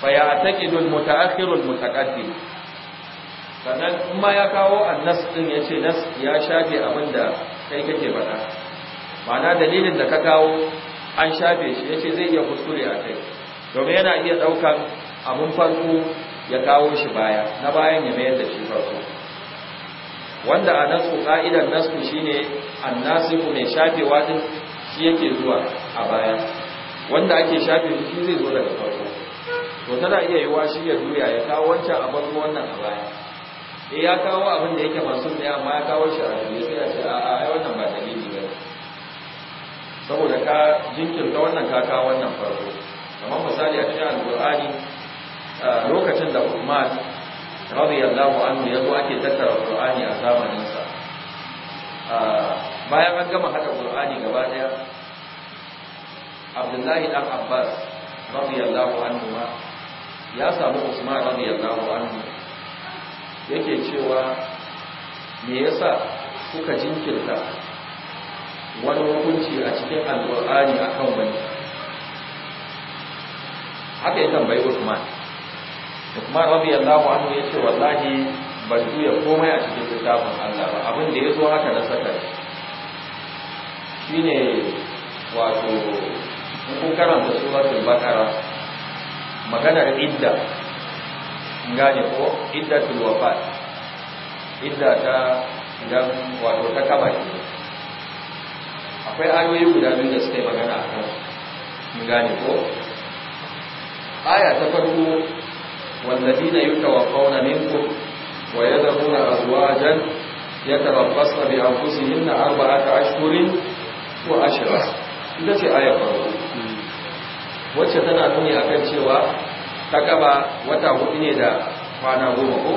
fa ya'taqidu al mutaakhiru al mutaqaddim sannan in ma ya kawo annas din ya ce nas ya shafe abin da kai kake baɗa. ma'ana dalilin da ka kawo an shafe shi ya ce zai iya kuskure a kai domin yana iya ɗaukan abin farko ya kawo shi baya na bayan ya mayar da shi farko wanda a nasu ka'idar nasu shine ku mai shafe waɗin shi yake zuwa a baya wanda ake shafe shi zai zo daga farko to tana iya yiwa shi ya juya ya kawo wancan abin wannan a baya eh ya kawo abin da yake masu ne amma ya kawo shi a rubuce sai ya ce a a ai wannan ba dalili ba saboda ka jinkirta wannan ka kawo wannan farko kamar misali a cikin alqur'ani lokacin da Uthman radiyallahu anhu zo ake tattara alqur'ani a zamanin sa bayan an gama hada alqur'ani gaba daya Abdullahi dan Abbas radiyallahu anhu ya samu Usman radiyallahu anhu yake cewa me yasa kuka jinkirta wani hukunci a cikin a akan wani haka yi tambayi Usman Usman radiyallahu anhu ce wallahi bai juya komai a cikin littafin Allah ba abin da zo haka na saka shine wato in kun karanta suratul bakara, maganar idda gane ko iddatul wafat idda ta dan wato ta kabari akwai ayoyi guda biyu da suka yi magana a kan mun gane ko aya ta farko wallazina yutawaffawna minkum wa yadhuruna azwajan yatarabbasna bi anfusihinna arba'ata ashhurin wa ashra ita ce aya farko hmm. wacce tana nuni akan cewa ta gaba wata hudu ne da kwana goma ko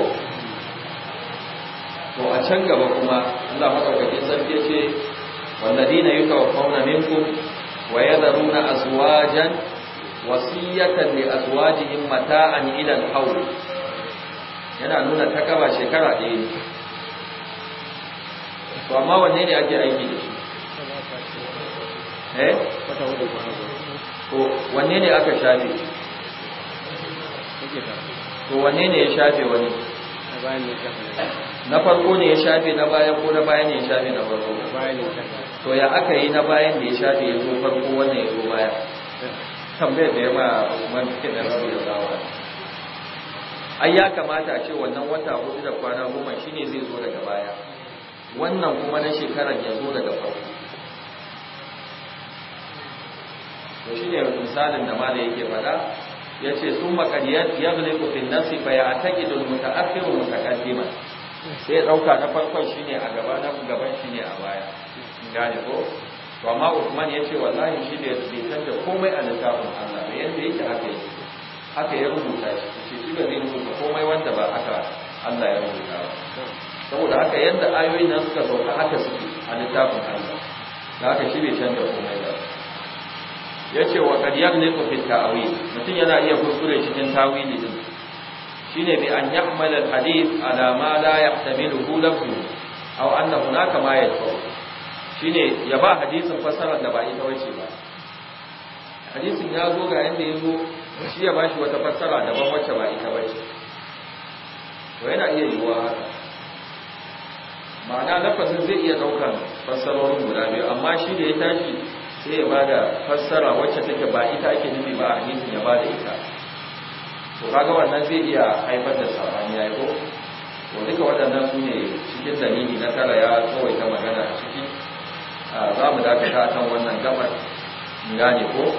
to a can gaba kuma Allah madaukakin sarki ce walladina yutawaffawna minkum wa yadharuna azwajan wasiyatan li azwajihim mata'an ila al-hawl yana nuna ta gaba shekara ɗaya ne to amma wanne ne ake aiki da shi eh wanne ne aka shafe shi suke karatu to wanne ne ya shafe wani na farko ne ya shafe na bayan ko na bayan ne ya shafe na farko to ya aka yi na bayan da ya shafe ya zo farko wannan ya zo baya tambayar da ya ma Usman cikin da rabu da zawa ai ya kamata a ce wannan wata hudu da kwana goma shine zai zo daga baya wannan kuma na shekarar ya zo daga farko to shine misalin da malai yake faɗa yace summa ya yaghliqu ku an-nafsi fa ya'taqidu al wa mutaqaddiman sai dauka na farkon shine a gaba na gaban shine a baya gane ko to amma Uthman yace wallahi shi da yake tanta komai a littafin Allah ba yanda yake haka yake haka ya rubuta shi shi ba zai rubuta komai wanda ba haka Allah ya rubuta ba saboda haka yanda ayoyin nan suka sauka haka suke a littafin Allah da haka shi bai canza komai yace wa qad yaghliqu fi ta'wil mutum yana iya kuskure cikin tawili din shine bi an yahmala al-hadith ala ma la yahtamiluhu lafzu aw anna hunaka ma yadfa shine ya ba hadisin fasara da ba ita bace ba hadisin ya zo ga yanda yazo shi ya bashi wata fassara ba wacce ba ita bace to yana iya yiwuwa haka ma'ana lafazin zai iya daukan fassarorin guda biyu amma shi da ya tashi sai ya bada fassara wacce take ba ita ake nufi ba a hadisin ya bada ita to kaga wannan zai iya haifar da sabani yi ko to duka waɗannan su ne cikin dalili na tara ya tsawaita magana a ciki za mu dakata kan wannan gabar gane ko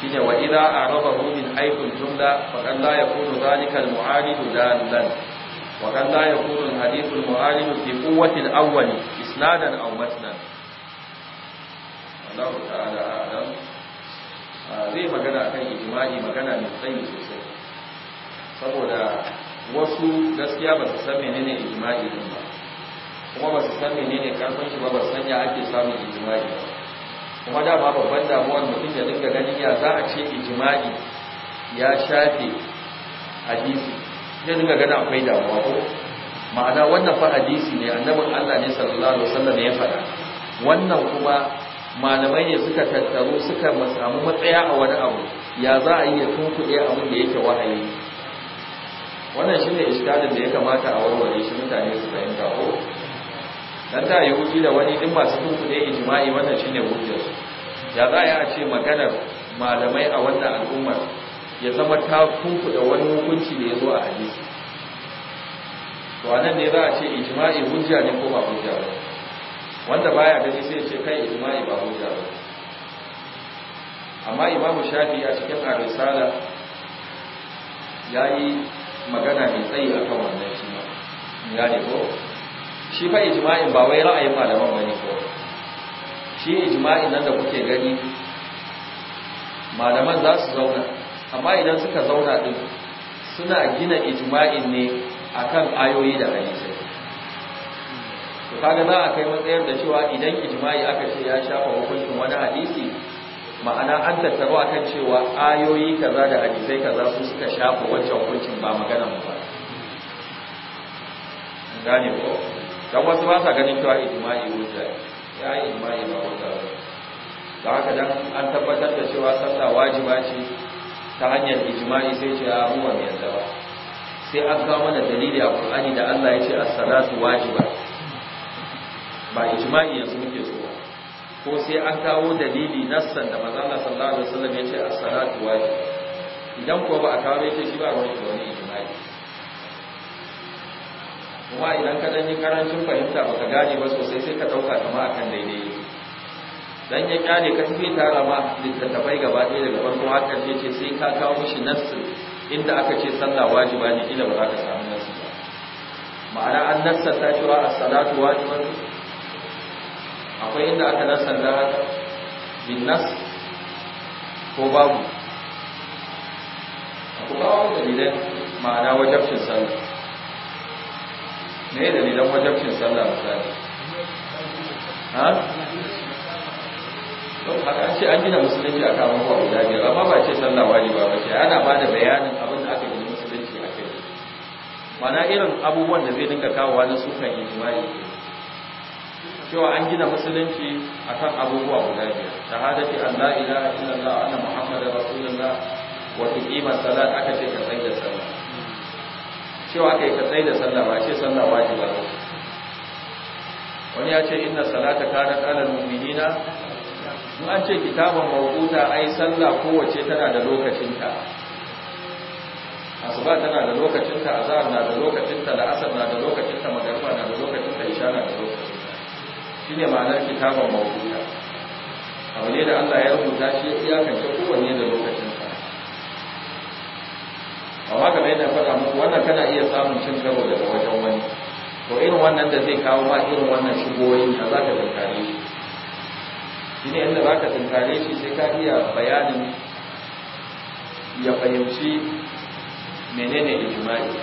shine wa a raba rumin aikul jumla faqad la yakunu zanikar muaridu dalan wa qad la yakunu al muaridu fi quwwati awwali isnadan aw matnan Allah ta'ala a'lam ah, zai magana kan ijma'i magana mai tsayi sosai saboda wasu gaskiya ba su san menene ijma'i din ba kuma ba su san menene karfin shi ba ba san ya ake samun ijma'i kuma dama babban damuwar mutum ya dinga ganin ya za a ce ijma'i ya shafe hadisi sai dinga gani akwai damuwa ko ma'ana wannan fa hadisi ne annabin Allah ne sallallahu alaihi wasallam ya faɗa wannan kuma malamai ne suka tattaru suka samu matsaya a wani abu ya za a yi ya tunkuɗe abin da yake wahayi wannan shi ne ishkalin da ya kamata a warware shi mutane su fahimta ko dan ta yi wuki da wani din masu tunkuɗe ijma'i wannan shi ne hujjarsu ya za a ce maganar malamai a wannan al'ummar ya zama ta tunkuɗe wani hukunci da ya zo a hadisi to anan ne za a ce ijma'i hujja ne ko ba hujja ba wanda baya gani sai ce kai ijma'i ba hujja ba amma imam shafi a cikin arisala ya yi magana mai tsayi a kan wannan shi ma ya ne ko shi fa ijma'in ba wai ra'ayin malaman ba ne ko shi ijma'in nan da kuke gani malaman za su zauna amma idan suka zauna din suna gina ijma'in ne akan ayoyi da hadisi kaga za a kai matsayar da cewa idan ijma'i aka ce ya shafa hukuncin wani hadisi ma'ana an tattaru akan cewa ayoyi kaza da hadisai kaza su suka shafa wancan hukuncin ba magana ba gane ko dan wasu ba sa ganin cewa ijma'i hujja ya yi ijma'i ba hujja da haka dan an tabbatar da cewa sanda wajiba ce ta hanyar ijma'i sai ce a yadda ba sai an kawo mana dalili a Qur'ani da Allah ya ce as-salatu wajiba ba ijma'i yanzu muke so ko sai an kawo dalili nassan da manzo Allah sallallahu alaihi wasallam ya ce as-salatu wajib idan ko ba a kawo ya ce shi ba wani wani ijma'i kuma idan ka dan yi karancin fahimta baka gane ba sosai sai ka dauka kamar akan daidai dan ya kyale ka tafi tara ma littattafai gaba ɗaya daga farko hakan ya ce sai ka kawo mishi nassin inda aka ce sallah wajiba ne kila ba za ka samu nassi ba ma'ana an ta cewa as-salatu wajibatun akwai inda aka nasanta bin nas ko babu akwai babu dalilan ma'ana wajabcin sallah ne dalilan wajabcin sallah misali ha don haka ce an gina musulunci a kawo wa guda biyar amma ba ce sallah wajiba ba ce ana ba da bayanin abin da aka gina musulunci a kai mana irin abubuwan da zai dinga kawo wani sukan jima'i. cewa an gina musulunci akan abubuwa guda biyar shahadati an la ilaha illallah anna muhammadar rasulullah wa tuqima salat aka ce ka tsaya sallah cewa kai ka tsaya sallah ba ce sallah wajiba ba wani ya ce inna salata kana kana mu'minina mun an ce kitaban mawquta ai sallah kowace tana da lokacinta asuba tana da lokacinta azhar na da lokacinta da asar na da lokacinta shi ne ma'anar kitabar mawuta abu ne da allah ya rubuta shi ya iyakance kowanne da lokacinsa amma kamar yadda faɗa muku wannan kana iya samun cin karo daga wajen wani to irin wannan da zai kawo ma irin wannan shigoyin da za ka tunkare shi shi ne inda za ka tunkare shi sai ka iya bayanin ya fahimci menene ijima'i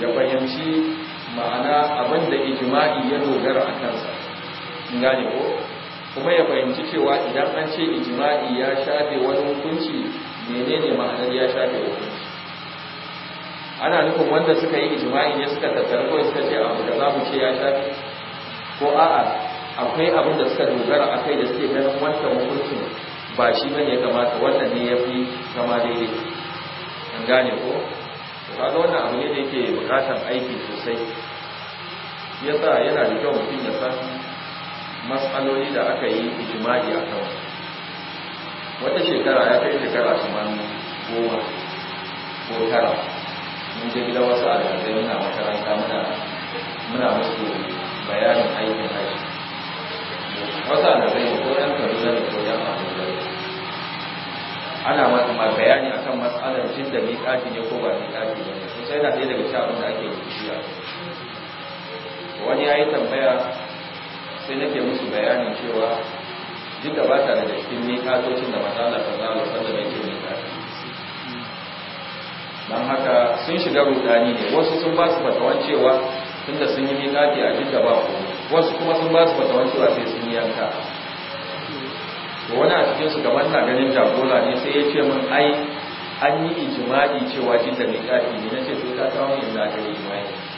ya fahimci ma'ana abin da ijima'i ya dogara a kansa gane ko kuma ya fahimci cewa idan an ce ijma'i ya shafe wani hukunci menene ma'anar ya shafe hukunci ana nufin wanda suka yi ijma'i ne suka tattara ko suka ce abu da za mu ce ya shafe ko a'a akwai abin da suka dogara a kai da suke ganin wanda hukuncin ba shi bane ya kamata wannan ne ya fi kama daidai an gane ko kaga wannan abu ne da yake bukatar aiki sosai yasa yana da kyau mutum ya san matsaloli da aka yi ijimaji a kawo. wata shekara ya kai shekara kamar goma ko tara mun je gida wasu alhazai muna makaranta muna muna musu bayanin aikin haji wasu alhazai ko yan kaduna da ko yan abuja ana ma bayani akan matsalar jin da kaji ne ko ba kaji ne sosai na ɗaya daga cikin abin da ake yi wani ya yi tambaya sai nake musu bayanin cewa da ba ta daga cikin miƙatocin da matsala ta zama ke yake miƙata don haka sun shiga rudani ne wasu sun ba su fatawan cewa tunda sun yi miƙati a da ba wasu kuma sun ba su fatawan cewa sai sun yi yanka to wani a cikinsu gaban na ganin jagora ne sai ya ce min ai an yi ijimaɗi cewa jin da miƙati ne na ce to ta kawo inda aka yi imani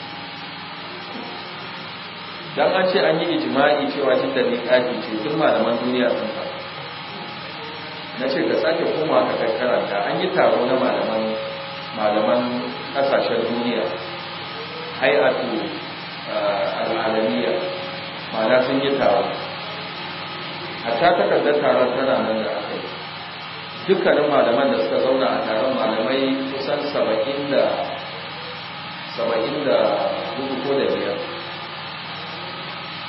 dan an ce an yi ijma'i cewa shi da miƙati ce tun malaman duniya sun fa na ce ka sake koma ka karanta an yi taro na malaman malaman kasashen duniya hay'atu eh, al'alamiya mana sun yi taro A hatta takardar taron tana nan da aka yi dukkanin malaman da suka zauna a taron malamai kusan saba'in da saba'in da hudu ko da biyar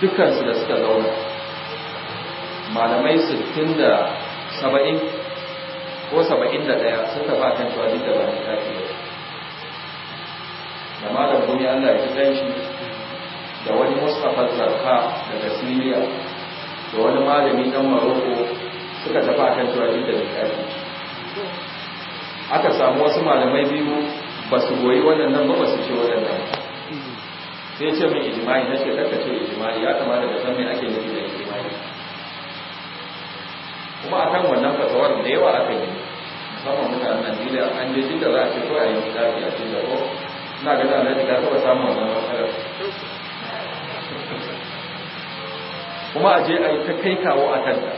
dukansu da suka zauna malamai sittin da saba'in ko saba'in da ɗaya sun tafi a kan cewa duk da ba ne kafi da malam gumi allah ya ji shi da wani mustapha zarka daga siriya da wani malami dan maroko suka tafi a kan cewa da ne aka samu wasu malamai biyu ba su goyi waɗannan ba ba su ce waɗannan sai ce min ijimai na ce karka ce ijimai ya kamata da san me ake nufi da ijimai kuma akan wannan fatawar da yawa aka yi musamman an Najeriya an je jin da za a ce ko a yi kitabi a cikin da ko ina ga da Alhaji ka ba samun wannan matsalar kuma a je a yi ta kai kawo a kanta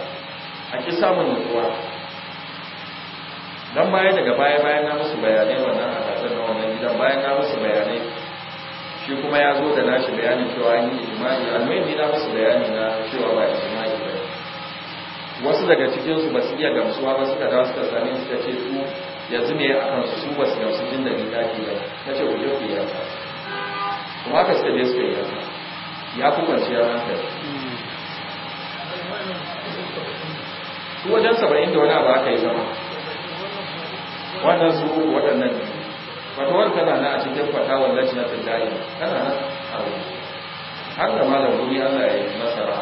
a ki samun nutsuwa dan baya daga baya bayan na musu bayanai wannan a kasar na wannan gidan bayan na musu bayanai shi kuma ya zo da nashi bayanin cewa yi jima'i ijma'i almuhimmi na musu bayani na cewa ba jima'i ba wasu daga cikinsu ba su iya gamsuwa ba suka dawo suka same suka ce su yanzu ne a kan su ba su gamsu jin da gida ke ba ta ce wajen ku yi kuma haka suka je suka yi yasa ya fi ya hankali su wajen saba'in da wani abu aka yi zama wannan su uku waɗannan ne fatawar tana na a cikin fatawar lajnatul da'im tana na a har da malam guri Allah ya yi masara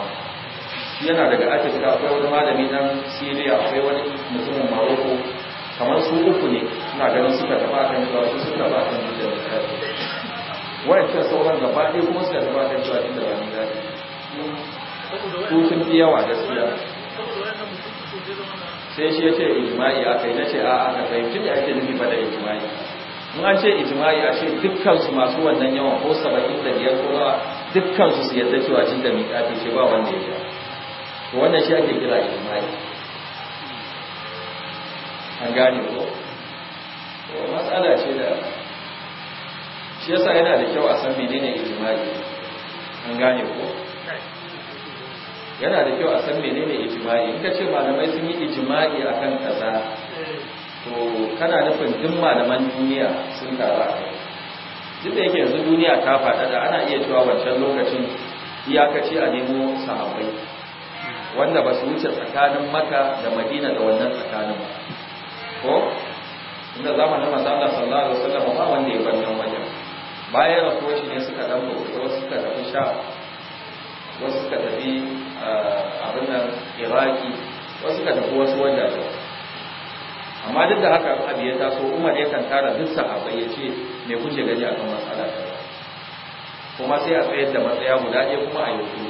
yana daga Afirka akwai wani malami na siriya akwai wani mutumin maroko kamar su uku ne suna ganin suka taba kan cewa su suka ba kan da ta sauran gaba ne kuma suka taba kan cewa da ba ni zaɓi su sun fi yawa gaskiya sai shi ya ce ijima'i aka yi na ce a aka fahimci ne ake nufi ba da ijima'i in an ce ijma'i a ce dukkan su masu wannan yawan ko biyar ko nawa dukkan su su yadda cewa cin da miƙati ce ba wanda ya ja wannan shi ake kira ijma'i an gane ko to matsala ce da shi yasa yana da kyau a san menene ijma'i an gane ko yana da kyau a san menene ijma'i in ka ce malamai sun yi ijma'i akan kaza to kana nufin duk malaman duniya sun taru duk da yake yanzu duniya ta faɗaɗa ana iya cewa wancan lokacin iyakaci a nemo sahabbai wanda ba su wuce tsakanin maka da madina da wannan tsakanin ba ko inda zamanin manzo Allah sallallahu alaihi wasallam ba wanda ya bar nan wajen bayan rasuwar ne suka dan bauta wasu suka tafi sha wasu suka tafi ah, abin nan iraki wasu suka tafi wasu wajen. amma duk da haka abu ya taso umar yakan tara duk sa ya ce me kuke gani a kan matsala kuma sai a tsayar da matsaya guda ɗaya kuma a yanku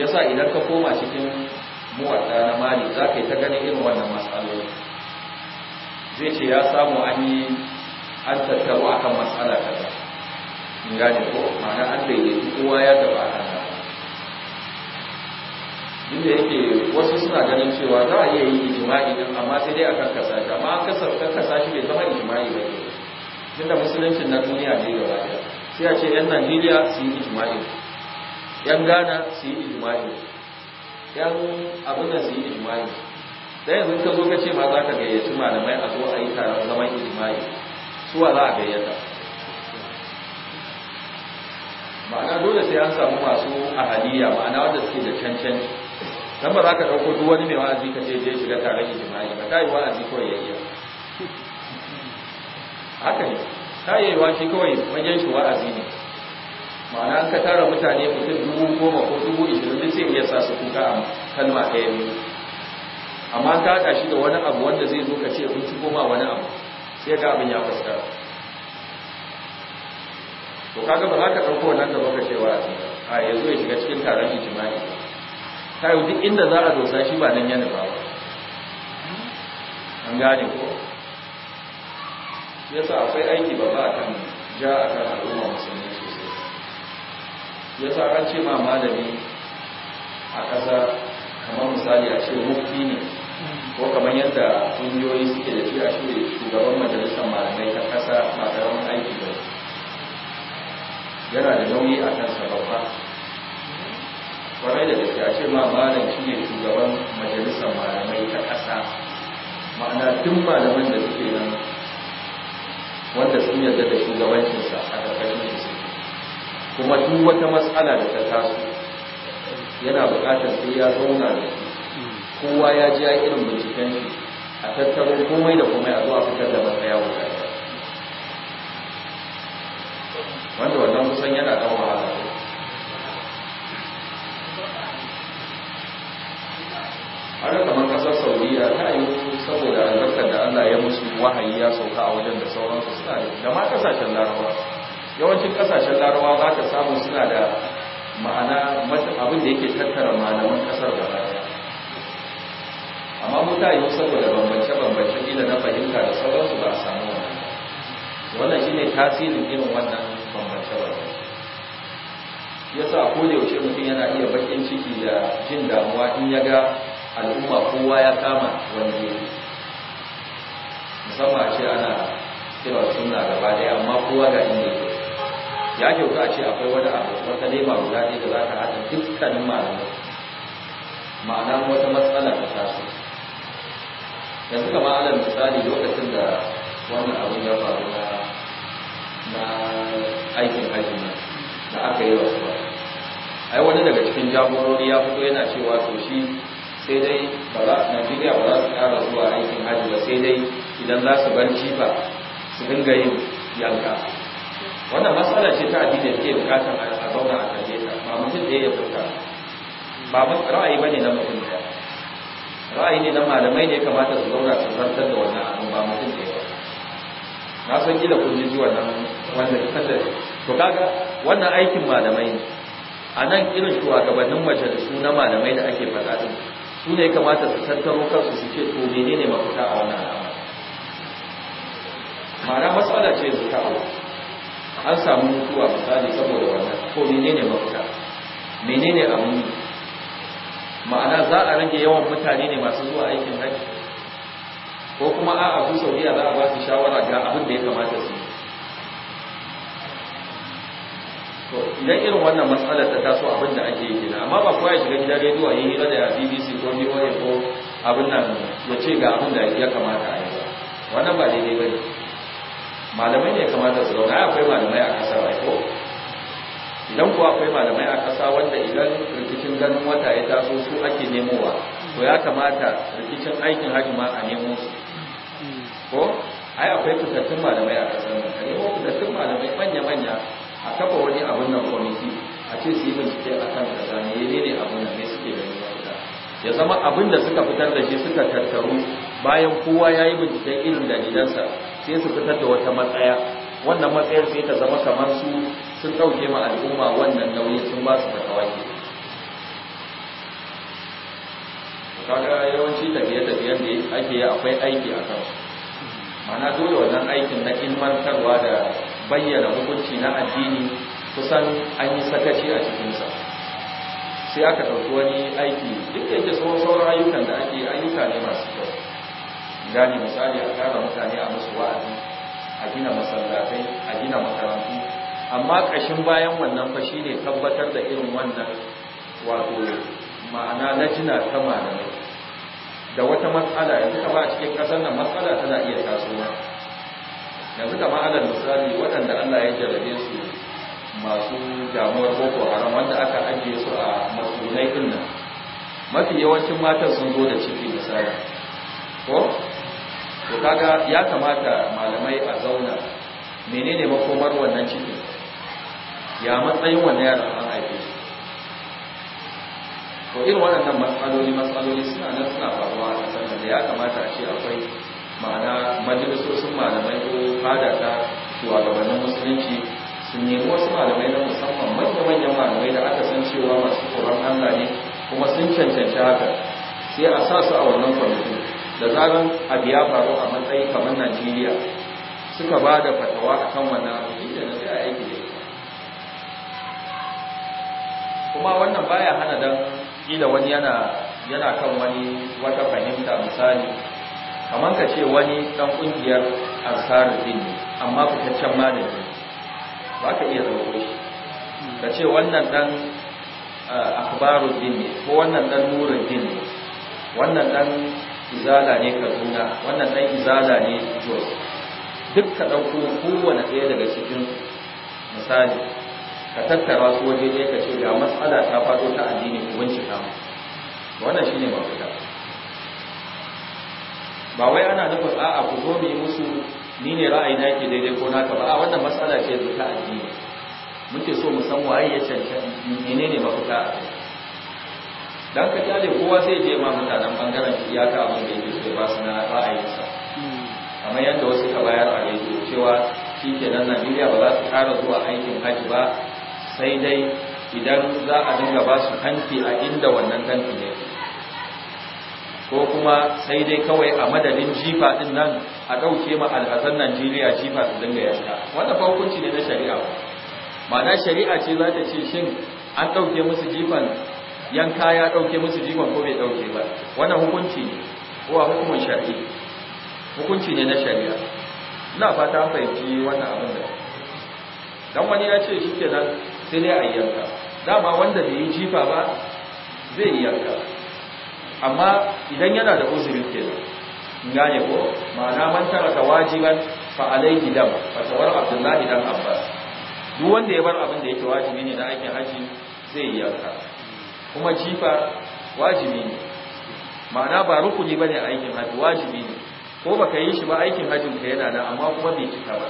ya sa idan ka koma cikin muwadda na mali za ka yi ta ganin irin wannan matsalolin? zai ce ya samu an yi an tattaro a matsala kaza in gane ko ma'ana an daidaitu kowa ya taɓa inda yake wasu suna ganin cewa za a iya yi ijma'i din amma sai dai akan kasa shi amma an kan kasa shi bai zama ijima'i ba ke tunda musuluncin na duniya ne gaba ɗaya sai a ce yan Najeriya su yi ijimai yan Ghana su yi ijimai yan abin su yi ijimai da yanzu ka zo ka ce ma za ka gayyaci malamai a zo a yi taron zaman Su wa za a gayyata ma'ana dole sai an samu masu ahaliya ma'ana wanda suke da cancanci dan ba za ka ɗauko duk wani mai wa'azi ka ce je shiga tare da jima'i ba ta yi wa'azi kawai ya haka ne ta yi wa shi kawai wajen shi wa'azi ne ma'ana an ka tara mutane mutum dubu goma ko dubu ishirin duk sai iya sa su kuka a kalma ɗaya biyu amma ka haɗa shi da wani abu wanda zai zo ka ce kun ci goma wani abu sai ga abin ya fuskara to kaga ba za ka ɗauko wannan da ka ce wa'azi a yanzu ya shiga cikin taron jima'i. kayo duk inda za a dosa shi ba nan yana ba an gane ko Ya sa akwai aiki ba ba kan ja a kan al'umma musulmi sosai Ya sa an ce ma malami a ƙasa kamar misali a ce mufti ne ko kamar yadda ƙungiyoyi suke da shi a shi shugaban majalisar malamai ta ƙasa ba ƙaramin aiki ba yana da nauyi a kansa babba kwarai da gaske a ce ma malam shi ne shugaban majalisar malamai ta ƙasa ma'ana tun malaman da suke nan wanda sun yarda da shugabancinsa a ƙarƙashin su kuma duk wata matsala da ta taso yana buƙatar sai ya zauna da kowa ya ji ya irin binciken shi a tattaro komai da komai a zuwa fitar da matsaya wuta wanda wannan kusan yana ɗan wahala har kamar kasar saudiya ta yi saboda albarkar da allah ya musu wahayi ya sauka a wajen da sauransu suna da ma kasashen larawa yawancin kasashen larawa za ka samu suna da ma'ana abin da yake tattara malaman kasar da ba. amma yi saboda bambance-bambance ila na fahimta da sauransu ba a samu wannan shine tasirin irin wannan bambance-bambance yasa ko da yaushe mutum yana iya bakin ciki da jin damuwa in ya ga al'umma kowa ya kama wani musamman ce ana kira suna gaba daya amma kowa ga inda ya kyauta ce akwai wani abu wata lema guda ne da za ta haɗa dukkanin malamai ma'ana wata matsala ta tasu yanzu kama alal misali lokacin da wannan abin ya faru na na aikin hajji da aka yi rasuwa ai wani daga cikin jagorori ya fito yana cewa to shi sai dai ba za Najeriya ba za su kara zuwa aikin hajji ba sai dai idan za su bar ba su dinga yin yanka wannan matsala ce ta addini da ke bukatar a zauna a kalle ta ba mutum da ya furta ba ra'ayi bane na mutum da ra'ayi ne na malamai ne kamata su zauna su zartar da wannan abin ba mutum da ya na san gida kun ji wannan wannan kada to kaga wannan aikin malamai ne a nan irin shugabannin majalisu na malamai da ake faɗa din su ne kamata su tattaro kansu su ce to menene mafita a wannan rana mara matsala ce a wasu. an samu mutuwa misali saboda wannan ko menene mafita menene a muni? ma'ana za a rage yawan mutane ne masu zuwa aikin haji ko kuma a abu saudiya za a ba su shawara ga abin da ya kamata su to idan irin wannan matsalar ta taso abin da ake yi kenan amma ba kowa ya shiga gida rediyo a yi hira da BBC ko VOA ko abin nan ya ce ga abin da ya kamata a yi ba? wannan ba daidai ne. malamai ne kamata su zauna akwai malamai a kasa ba ko idan kuwa akwai malamai a ƙasa wanda idan rikicin ganin wata ya taso su ake nemowa to ya kamata rikicin aikin haji ma a nemo su ko ai akwai fitattun malamai a ƙasar nan a nemo fitattun malamai manya-manya a kafa wani abin nan kwamiti a ce su yi bincike a kan kaza ne ne ne abin nan ne suke da nuna ya zama abin da suka fitar da shi suka tattaru bayan kowa ya yi binciken irin dalilansa sai su fitar da wata matsaya wannan matsayar sai ta zama kamar su sun ɗauke ma al'umma wannan nauyi sun ba su da ke kaga yawanci tafiye-tafiyen da ake yi akwai aiki a kansu mana dole wannan aikin na ilmantarwa da bayyana hukunci na addini kusan an yi sakaci a cikinsa sai aka ɗauki wani aiki duk da yake tsohon sauran ayyukan da ake ayyuka ne masu kyau gane misali a kara mutane a musu wa'azi a gina masallatai a gina makarantu amma ƙashin bayan wannan fa ne tabbatar da irin wannan wato ma'ana na jina ta malamai da wata matsala yanzu ka ba a cikin ƙasar nan matsala tana iya tasowa yanzu kama alal misali waɗanda Allah ya jarabe su masu damuwar boko haram wanda aka ajiye su a matsugunai din nan mafi yawancin matan sun zo da ciki misali ko to kaga ya kamata malamai a zauna menene makomar wannan cikin ya matsayin wannan yaran an haife shi irin waɗannan matsaloli matsaloli suna nan suna faruwa a ƙasar da ya kamata a ce akwai ma'ana majalisoshin malamai ko fada a gabanin musulunci su nemi wasu malamai na musamman manya-manyan malamai da aka san cewa masu tsoron Allah ne kuma sun cancanci haka sai a sa su a wannan kwamitin da zaran abu ya faru a matsayi kamar Najeriya suka ba da fatawa a kan wannan abu na sai a aiki da kuma wannan baya hana dan kila wani yana kan wani wata fahimta misali kamar ka ce wani dan kungiyar ansarar din amma fitaccen malami ba ka iya dauko shi ka ce wannan dan akhbarul din ko wannan dan nurul din wannan dan izala ne kaduna wannan dan izala ne jos duk ka ɗauko kowane ɗaya daga cikin misali ka tattara su waje ne ka ce ga matsala ta faɗo ta addini ku bincika wannan shine mafita ba wai ana nufin a'a ku zo mu yi musu ni ne ra'ayi na yake daidai ko naka ba a wannan matsala ce da ta addini muke so mu san waye ya ne ne mafita a kai don ka kyale kowa sai je ma mutanen bangaren iyaka abin da yake so ba su na ra'ayinsa kamar yadda wasu ka bayar a yanzu cewa shi ke nan Najeriya ba za su kara zuwa aikin hajji ba sai dai idan za a dinga ba su kanti a inda wannan kanti ne ko kuma sai dai kawai a madadin jifa din nan a ɗauke ma alhazan najeriya jifa su dinga yanka wannan fa hukunci ne na shari'a ma'ana shari'a ce za ta ce shin an ɗauke musu jifan yanka ya ɗauke musu jifan ko bai ɗauke ba wannan hukunci ne ko a hukumin shari'i hukunci ne na shari'a ina fata an fahimci wannan abin da dan wani ya ce shi kenan sai dai a yanka dama wanda bai yi jifa ba zai yi yanka amma idan yana da uzuri kenan gane ko ma'ana man taraka wajiban fa dam fatawar abdullahi dan abbas duk wanda ya bar abin da yake wajibi ne na aikin haji zai yi yanka kuma jifa wajibi ne ma'ana ba rukuni bane aikin haji wajibi ne ko baka yi shi ba aikin hajin ka yana nan amma kuma bai cika ba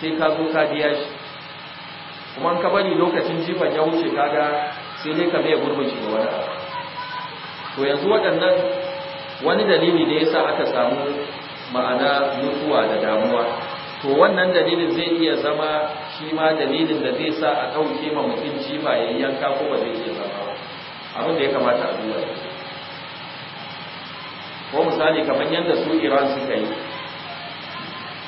sai ka zo ka biya shi kuma ka bari lokacin jifan ya wuce kaga sai dai ka mai gurbin shi da wani abu to yanzu waɗannan wani dalili da sa aka samu ma'ana mutuwa da damuwa to wannan dalilin zai iya zama shi ma dalilin da zai sa a ɗauke ma mutum jima ya yanka ko ba zai iya zama ba abin da ya kamata a duba ko misali kamar yadda su iran suka yi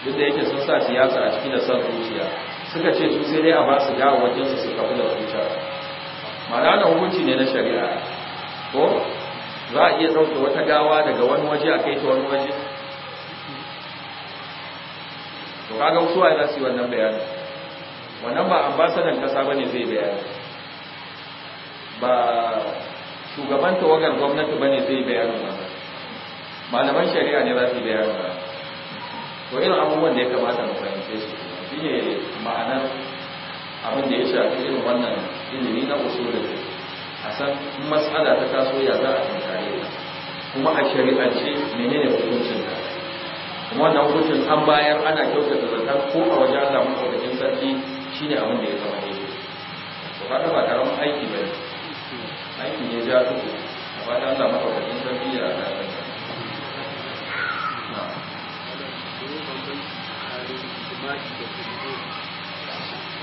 duk da yake sun sa siyasa a ciki da son zuciya suka ce su sai dai a ba su gawa wajensu su kafu da zuciya ma'ana hukunci ne na shari'a ko za a iya ɗauke wata gawa daga wani waje a kai ta wani waje to kaga suwa za su yi wannan bayani wannan ba ambasadan kasa ba ne zai bayani ba shugaban tawagar gwamnati ba ne zai bayani ba. malaman shari'a ne za su bayani ba wannan to irin abubuwan da ya kamata mu fahimce su shi ne ma'anar abin da ya shafi irin wannan ilimi na usulul a san matsala ta taso ya za a tunkare kuma a shari'ance menene hukuncin ta kuma wannan hukuncin an bayar ana kyautata zakar ko a wajen Allah jin sarki shine abin da ya zama ne to kaga ba karamin aiki ba aiki ne ja tuku a da Allah jin sarki ya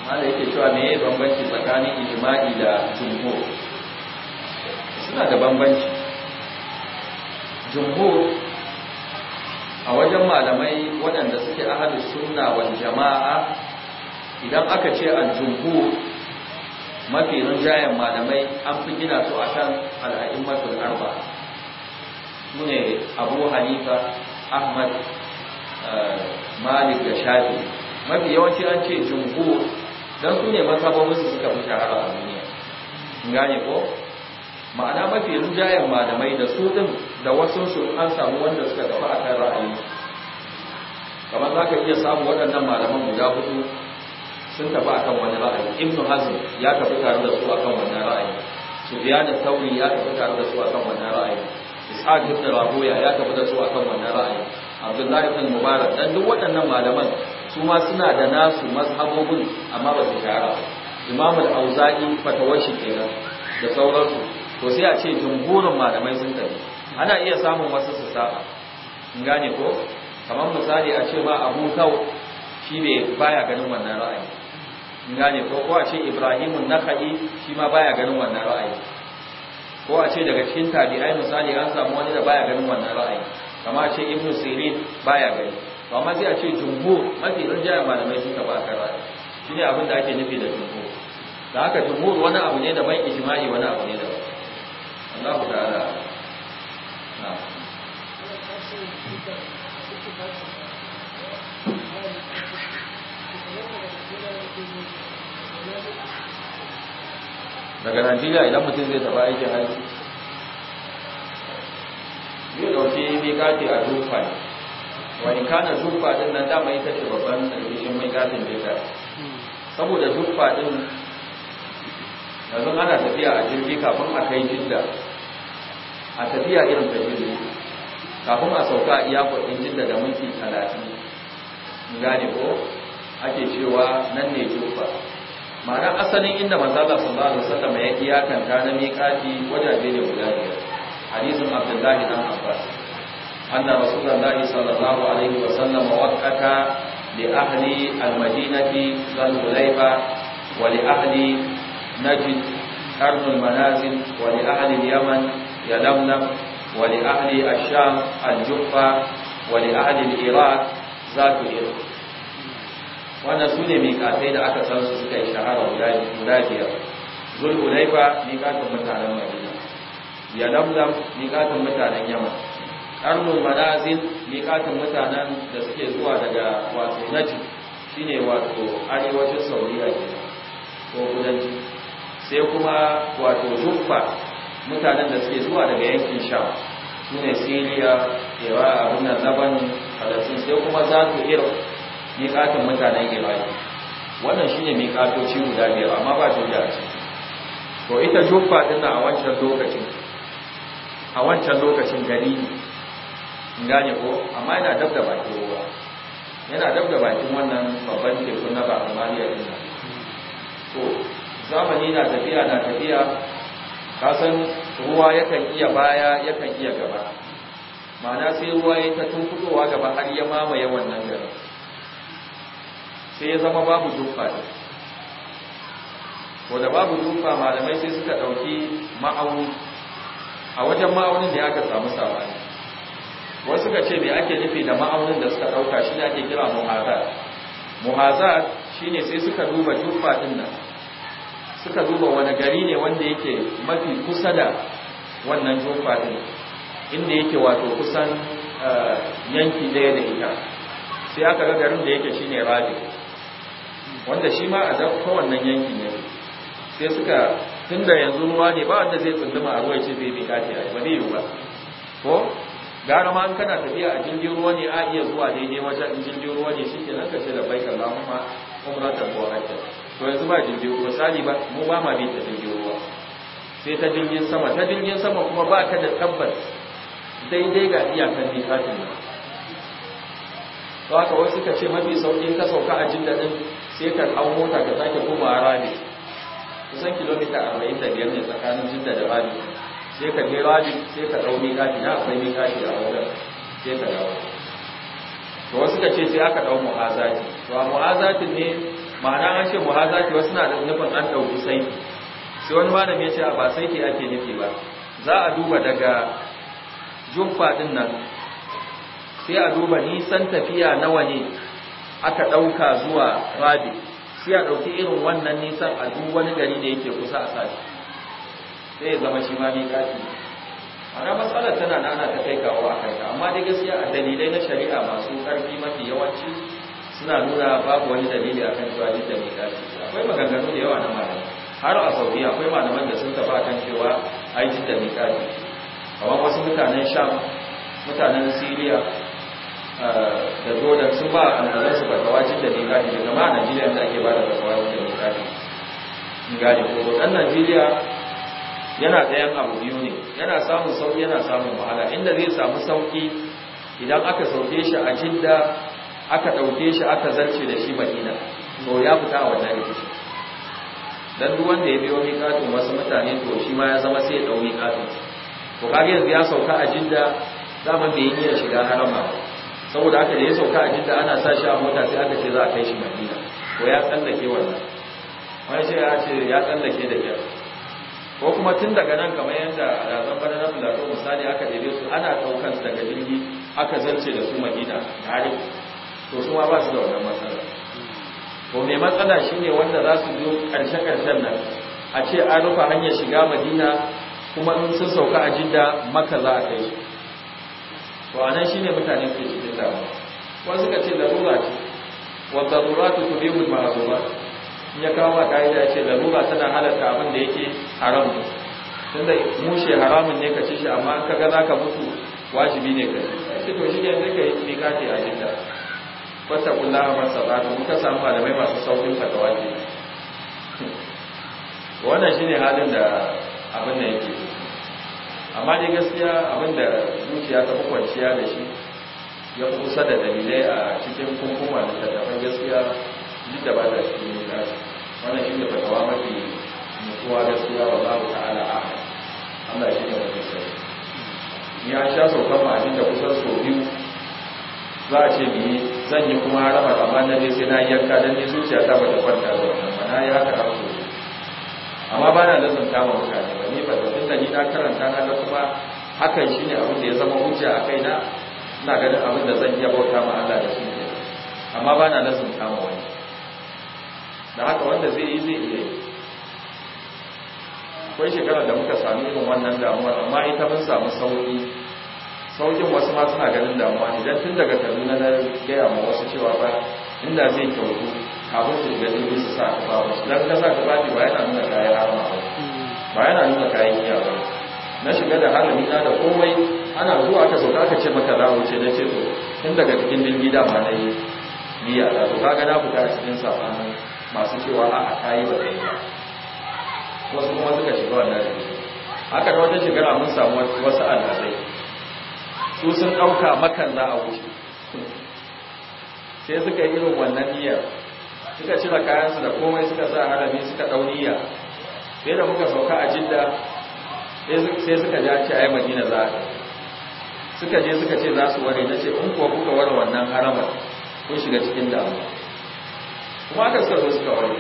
ma da yake cewa yi bambanci tsakanin ijma'i da jumhur suna da bambanci jumhur a wajen malamai waɗanda suke ahalus sunna wa jama'a idan aka ce a jumhur mafi rinjayen malamai an fi gina su a al'a'in al'a'immatul arba su ne abu hanifa ahmad eh, malik da shafi mafi yawanci an ce jumhur don su ne musu suka fi shahara a duniya gane ko ma'ana mafi rujayen malamai da su din da wasu su an samu wanda suka tafi akan ra'ayi kamar za ka iya samu waɗannan malaman guda hudu sun tafi akan wani ra'ayi ibn hazm ya tafi tare da su akan wannan ra'ayi sufyan al-thawri ya tafi tare da su akan wannan ra'ayi ishaq ibn rahoya ya tafi da su akan wannan ra'ayi abdullahi ibn mubarak dan duk waɗannan malaman su ma suna da nasu mazhabobin amma ba su tara imam al-auza'i fatawashi kenan da sauransu to sai a ce jumhurin malamai sun tafi ana iya samun wasu su saba in gane ko kamar misali a ce ma abu kau shi ne baya ganin wannan ra'ayi in gane ko ko a ce ibrahimun naka'i shi ma baya ganin wannan ra'ayi ko a ce daga cikin tabi'ai misali an samu wani da baya ganin wannan ra'ayi kamar a ce ibnu sirin baya gani to amma sai a ce jumhur mafi rinjayen malamai sun tafi akan ra'ayi ne abin da ake nufi da jumhur da haka jumhur wani abu ne da daban ijma'i wani abu ne daban Allah ta'ala na daga najeriya idan mutum zai taba aikin hajji zai dauki mai kati a zufa wani kanar zufa din nan dama ita ce babban tsarkishin mai katin beka saboda zufa din yanzu ana tafiya a jirgi kafin a kai jidda a tafiya irin ta jirgi kafin a sauka a iya kwaɗin jin da minti talatin gane ko ake cewa nan ne jufa ma'ana asalin inda manzala sallallahu alaihi wasallam ya iyakanta na miƙati wajaje ne guda biyar hadisin abdullahi dan abbas anna rasulullahi sallallahu alaihi wasallam waqata li ahli almadinati zal hulayfa wa li ahli najd qarn almanazil wa li ahli yaman يلملم ولأهل الشام الجحفة ولأهل العراق ذات العراق wannan su ne miƙatai da aka san su shahara guda biyar zulhulaifa miƙatun mutanen madina yalamlam miƙatun mutanen yamma karnul manazil miƙatun mutanen da suke zuwa daga wato naji shine wato arewacin saudiya ke ko kudanci sai kuma wato juffa mutanen da suke zuwa daga yankin sham su ne siriya yawa abin wunan labanin falastin sai kuma za ku irin miƙatin mutanen iraki wannan shi ne miƙatoci guda biyar amma ba juda ce to ita jufa ɗin a wancan lokacin a wancan lokacin gari ne gane ko amma yana dab da bakin ruwa yana dab da bakin wannan babban teku na ba a maliya ɗin to zamani na tafiya na tafiya kasan ruwa yakan iya baya yakan iya gaba ma'ana sai ruwa ya ta tunkuɗowa gaba har ya mamaye wannan gari sai ya zama babu dufa ne ko da babu dufa malamai sai suka ɗauki ma'auni a wajen ma'aunin da aka samu sabani wasu suka ce me ake nufi da ma'aunin da suka ɗauka shi ne ake kira muhazar shi shine sai suka duba dufa ɗin nan suka duba wani gari ne wanda yake mafi kusa da wannan jofa din inda yake wato kusan eh, yanki daya da ita sai aka ga garin da yake shine rabi wanda shi ma a zafa wannan yanki ne sai suka tunda yanzu ruwa ne ba wanda zai tsunduma a ruwa ce zai bi kati a ba zai yi ba ko gara ma kana tafiya a jirgin ruwa ne a iya zuwa daidai wajen jirgin ruwa ne shi ke nan ka ce da baikan lamuma umratan buwa hajjar to yanzu ba jirgin ruwa tsari ba mu ba ma bin ta jirgin ruwa sai ta jirgin sama ta jirgin sama kuma ba ka da tabbas daidai ga iyakar mikatin nan to ka wasu suka ce mafi saukin ka sauka a jin daɗin sai ka hau mota ka sake a rabi kusan kilomita arba'in da biyar ne tsakanin jin da rabi sai ka je rabi sai ka ɗau mikati na akwai mikati a wajen sai ka dawo to wasu ka ce sai aka ɗau mu'azati to a mu'azatin ne ma'ana an ce ki wasu na da nufin an ɗauki sai sai wani malami ya ce ba sai ki ake nufi ba za a duba daga juffa din nan sai a duba nisan tafiya nawa ne aka ɗauka zuwa rabi sai a ɗauki irin wannan nisan a duk wani gari da yake kusa a sashi sai ya zama shi ma mai kafi ana matsalar tana na ana ta kai kawo a kai amma dai gaskiya a dalilai na shari'a masu ƙarfi mafi yawanci suna nuna babu wani dalili akan cewa jidda mai kafi akwai maganganu da yawa na malamai har a saudiya akwai malaman da sun tafi akan cewa ai jidda mai kafi amma wasu mutanen sham mutanen syria eh, da jordan sun ba al'adar su fatawa jidda mai kafi daga ma najeriya da ake ba da fatawa jidda mai kafi in ko dan najeriya yana da yan abu biyu ne yana samun sauki yana samun wahala inda zai samu sauki idan aka sauke shi a jidda aka ɗauke shi aka zarce da shi madina to ya fita a wannan rikici dan duk wanda ya biyo ni miƙatun wasu mutane to shi ma ya zama sai ya ɗau miƙatun to kage yanzu ya sauka a jidda zaman bai yi shiga harama saboda haka da ya sauka a jidda ana sa shi a mota sai aka ce za a kai shi madina to ya tsallake wannan wani shi ya ce ya tsallake da kyar ko kuma tun daga nan kamar yadda a zambar na filato misali aka ɗebe su ana ɗaukansu daga jirgi aka zance da su madina tare to su ma ba su da wannan matsala to mai matsala shine wanda za su zo ƙarshe-ƙarshen nan a ce an rufe hanyar shiga madina kuma in sun sauka a jidda maka za a kai to anan shine mutane ke cikin damuwa wasu suka ce larura ce wa daruratu tubihu al in ya kawo maka ya ce da ruwa tana halatta abin da yake haram tunda mushe haramun ne ka ce shi amma kaga ka mutu wajibi ne ka ci to shi ne sai ka yi mika a jidda wata a masa ba ta samu malamai masu saukin fatawa ne wannan shine halin da abin da yake amma dai gaskiya abin da zuciya ta kwanciya da shi ya kusa da dalilai a cikin kunkuma da tattafan gaskiya duk da ba da shi ne da wannan shi ne fatawa mafi mutuwa gaskiya ba za mu ta'ala a Allah shi ne mafi sai ya sha saukan ma'ajin da kusan sau biyu za a ce biyi zan yi kuma rama amma na dai sai na yanka don ne zuciya ta bata kwanta da wannan ba na yi haka har so amma ba na kama ma mutane ba ni ba da tun da ni na karanta na da kuma hakan shine abin da ya zama hujja a kaina ina ganin abin da zan iya bauta ma Allah da shi ne amma ba na lazanta kama wani da haka wanda zai yi zai iya yi akwai shekarar da muka sami irin wannan damuwar amma ita mun samu sauƙi saukin wasu ma suna ganin damuwa ne don tun daga kaduna na gaya ma wasu cewa ba inda zai kyautu kafin su ga jirgin su sa ka babu su don kasa ka ba ba yana nuna kayan harama ba ba yana nuna kayan iya ba na shiga da halami na da komai ana zuwa aka sauka ka ce maka zawo ce na ce to tun daga cikin jirgi da ma na yi niyya da to kaga na fita a cikin safanin masu cewa a a kayi ba kai ba wasu kuma suka shiga wannan rikici haka da wata shekara mun samu wasu alhazai su sun ɗauka makan za a wuce sai suka yi irin wannan niyyar suka cire kayansu da komai suka sa harami suka ɗau niyya sai da muka sauka a jidda sai suka ja ce a yi magina za a suka je suka ce za su ware na ce in kuwa kuka ware wannan haramar kun shiga cikin damu kuma aka suka zo suka ware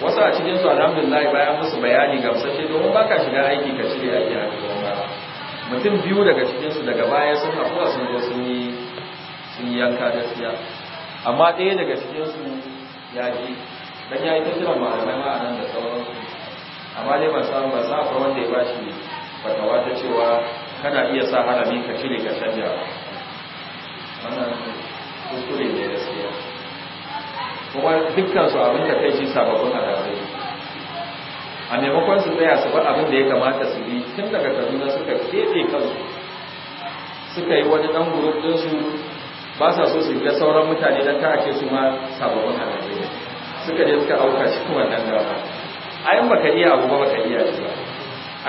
wasu a su alhamdulillah bayan musu bayani gamsashe domin baka shiga aiki ka cire aiki a cikin mutum biyu daga cikinsu daga baya sun afuwa sun zo sun yi sun yanka gaskiya amma ɗaya daga cikinsu ya ji dan ya yi ta jiran malamai ma a nan da sauransu amma dai ban samu ban samu wanda ya ba shi fatawa ta cewa kana iya sa harami ka cire ka canja wannan kuskure ne gaskiya kuma dukkan abin da kai shi sababbin al'adai a maimakon su tsaya su bar abin da ya kamata su yi tun daga kaduna suka keɓe kansu suka yi wani ɗan guruf ɗinsu ba sa so su ga sauran mutane don ta ake su ma sababbin halittu suka je suka auka kuma nan gaba ayin baka iya abu ba baka iya shi ba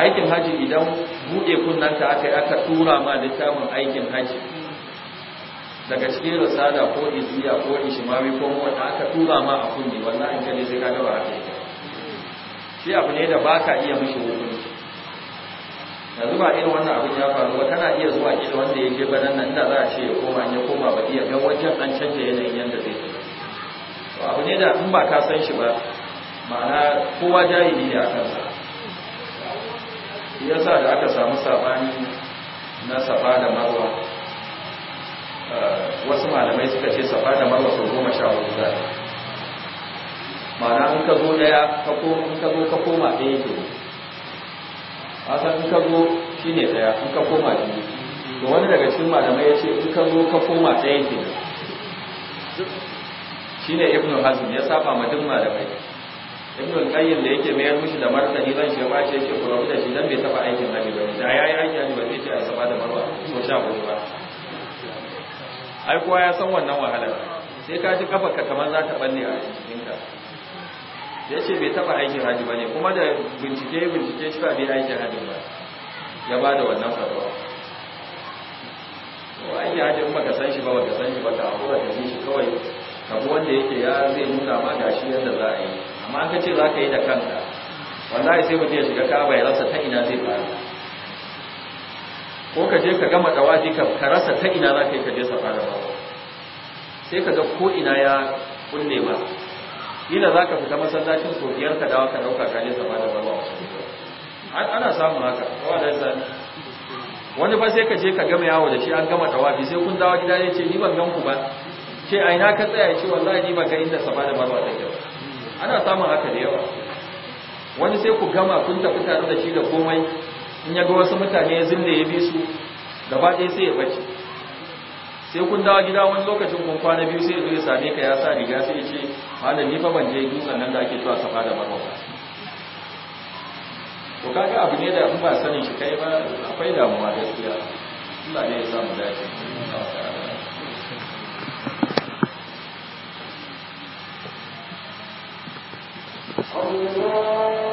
aikin hajji idan buɗe kunnen ta aka yi aka tura ma littafin aikin hajji, daga cikin rasada ko iziya ko ishimawi ko mota aka tura ma a kunne wannan an kaje sai ka gaba haka shi abu ne da ba ka iya mishi hukunci da zuba irin wannan abin ya faru ba tana iya zuwa kila wanda ya je banan nan da za a ce ya koma ya koma ba iya ga wajen an canja yanayin yadda zai to abu ne da in ba ka san shi ba ma'ana kowa jahili ne a kansa yasa da aka samu sabani na safa da marwa eh, wasu malamai suka ce safa da marwa sau goma sha hudu zai ma'ana in ka zo daya ka ko in ka zo ka koma daya ke asan in ka zo shine daya in ka koma biyu to wani daga cikin malamai ya ce in ka zo ka koma daya ke shine ibnu hazm ya saba ma duk malamai ibnu qayyim da yake mayar mushi da martani ban shi ba ce yake ku da shi dan bai taba aikin nabi ba da yayi aikin haji ba sai ce a saba da marwa ko sha hudu ba ai kuwa ya san wannan wahalar sai ka ji kafa ka kamar za ta banne a cikin ka. ya ce bai taba aikin haji ba ne kuma da bincike bincike cewa bai aikin haji ba ya ba da wannan fatawa to aikin hajji in baka san shi ba baka san shi ba ka hakura da shi kawai kabu wanda yake ya zai nuna ma gashi yadda za a yi amma an ka ce za ka yi da kanka wallahi sai mutum ya shiga kaba ya rasa ta ina zai fara ko ka je ka gama dawaji ka rasa ta ina za ka yi ka je safara ba sai ka ga ko ina ya kunne ba. kila za ka fita masallacin so ka dawa ka dauka ka je zama da zama ana samun haka kawa da zani wani ba sai ka je ka gama yawo da shi an gama tawafi sai kun dawo gida ne ce ni ban gan ba ce a ina ka tsaya ce wallahi ni ba ga inda sama da marwa take ba ana samun haka da yawa wani sai ku gama kun tafi tare da shi da komai in ya ga wasu mutane ya ya bi su gaba ɗaya sai ya bace sai kun dawo gida wani lokacin kun kwana biyu sai ya same ka ya sa riga sai ya ce malam ni fa ban je dutsen nan da ake zuwa safa da marwa to kaga abu ne da in ba sanin shi kai ba akwai damuwa gaskiya Allah ne ya samu dace Allah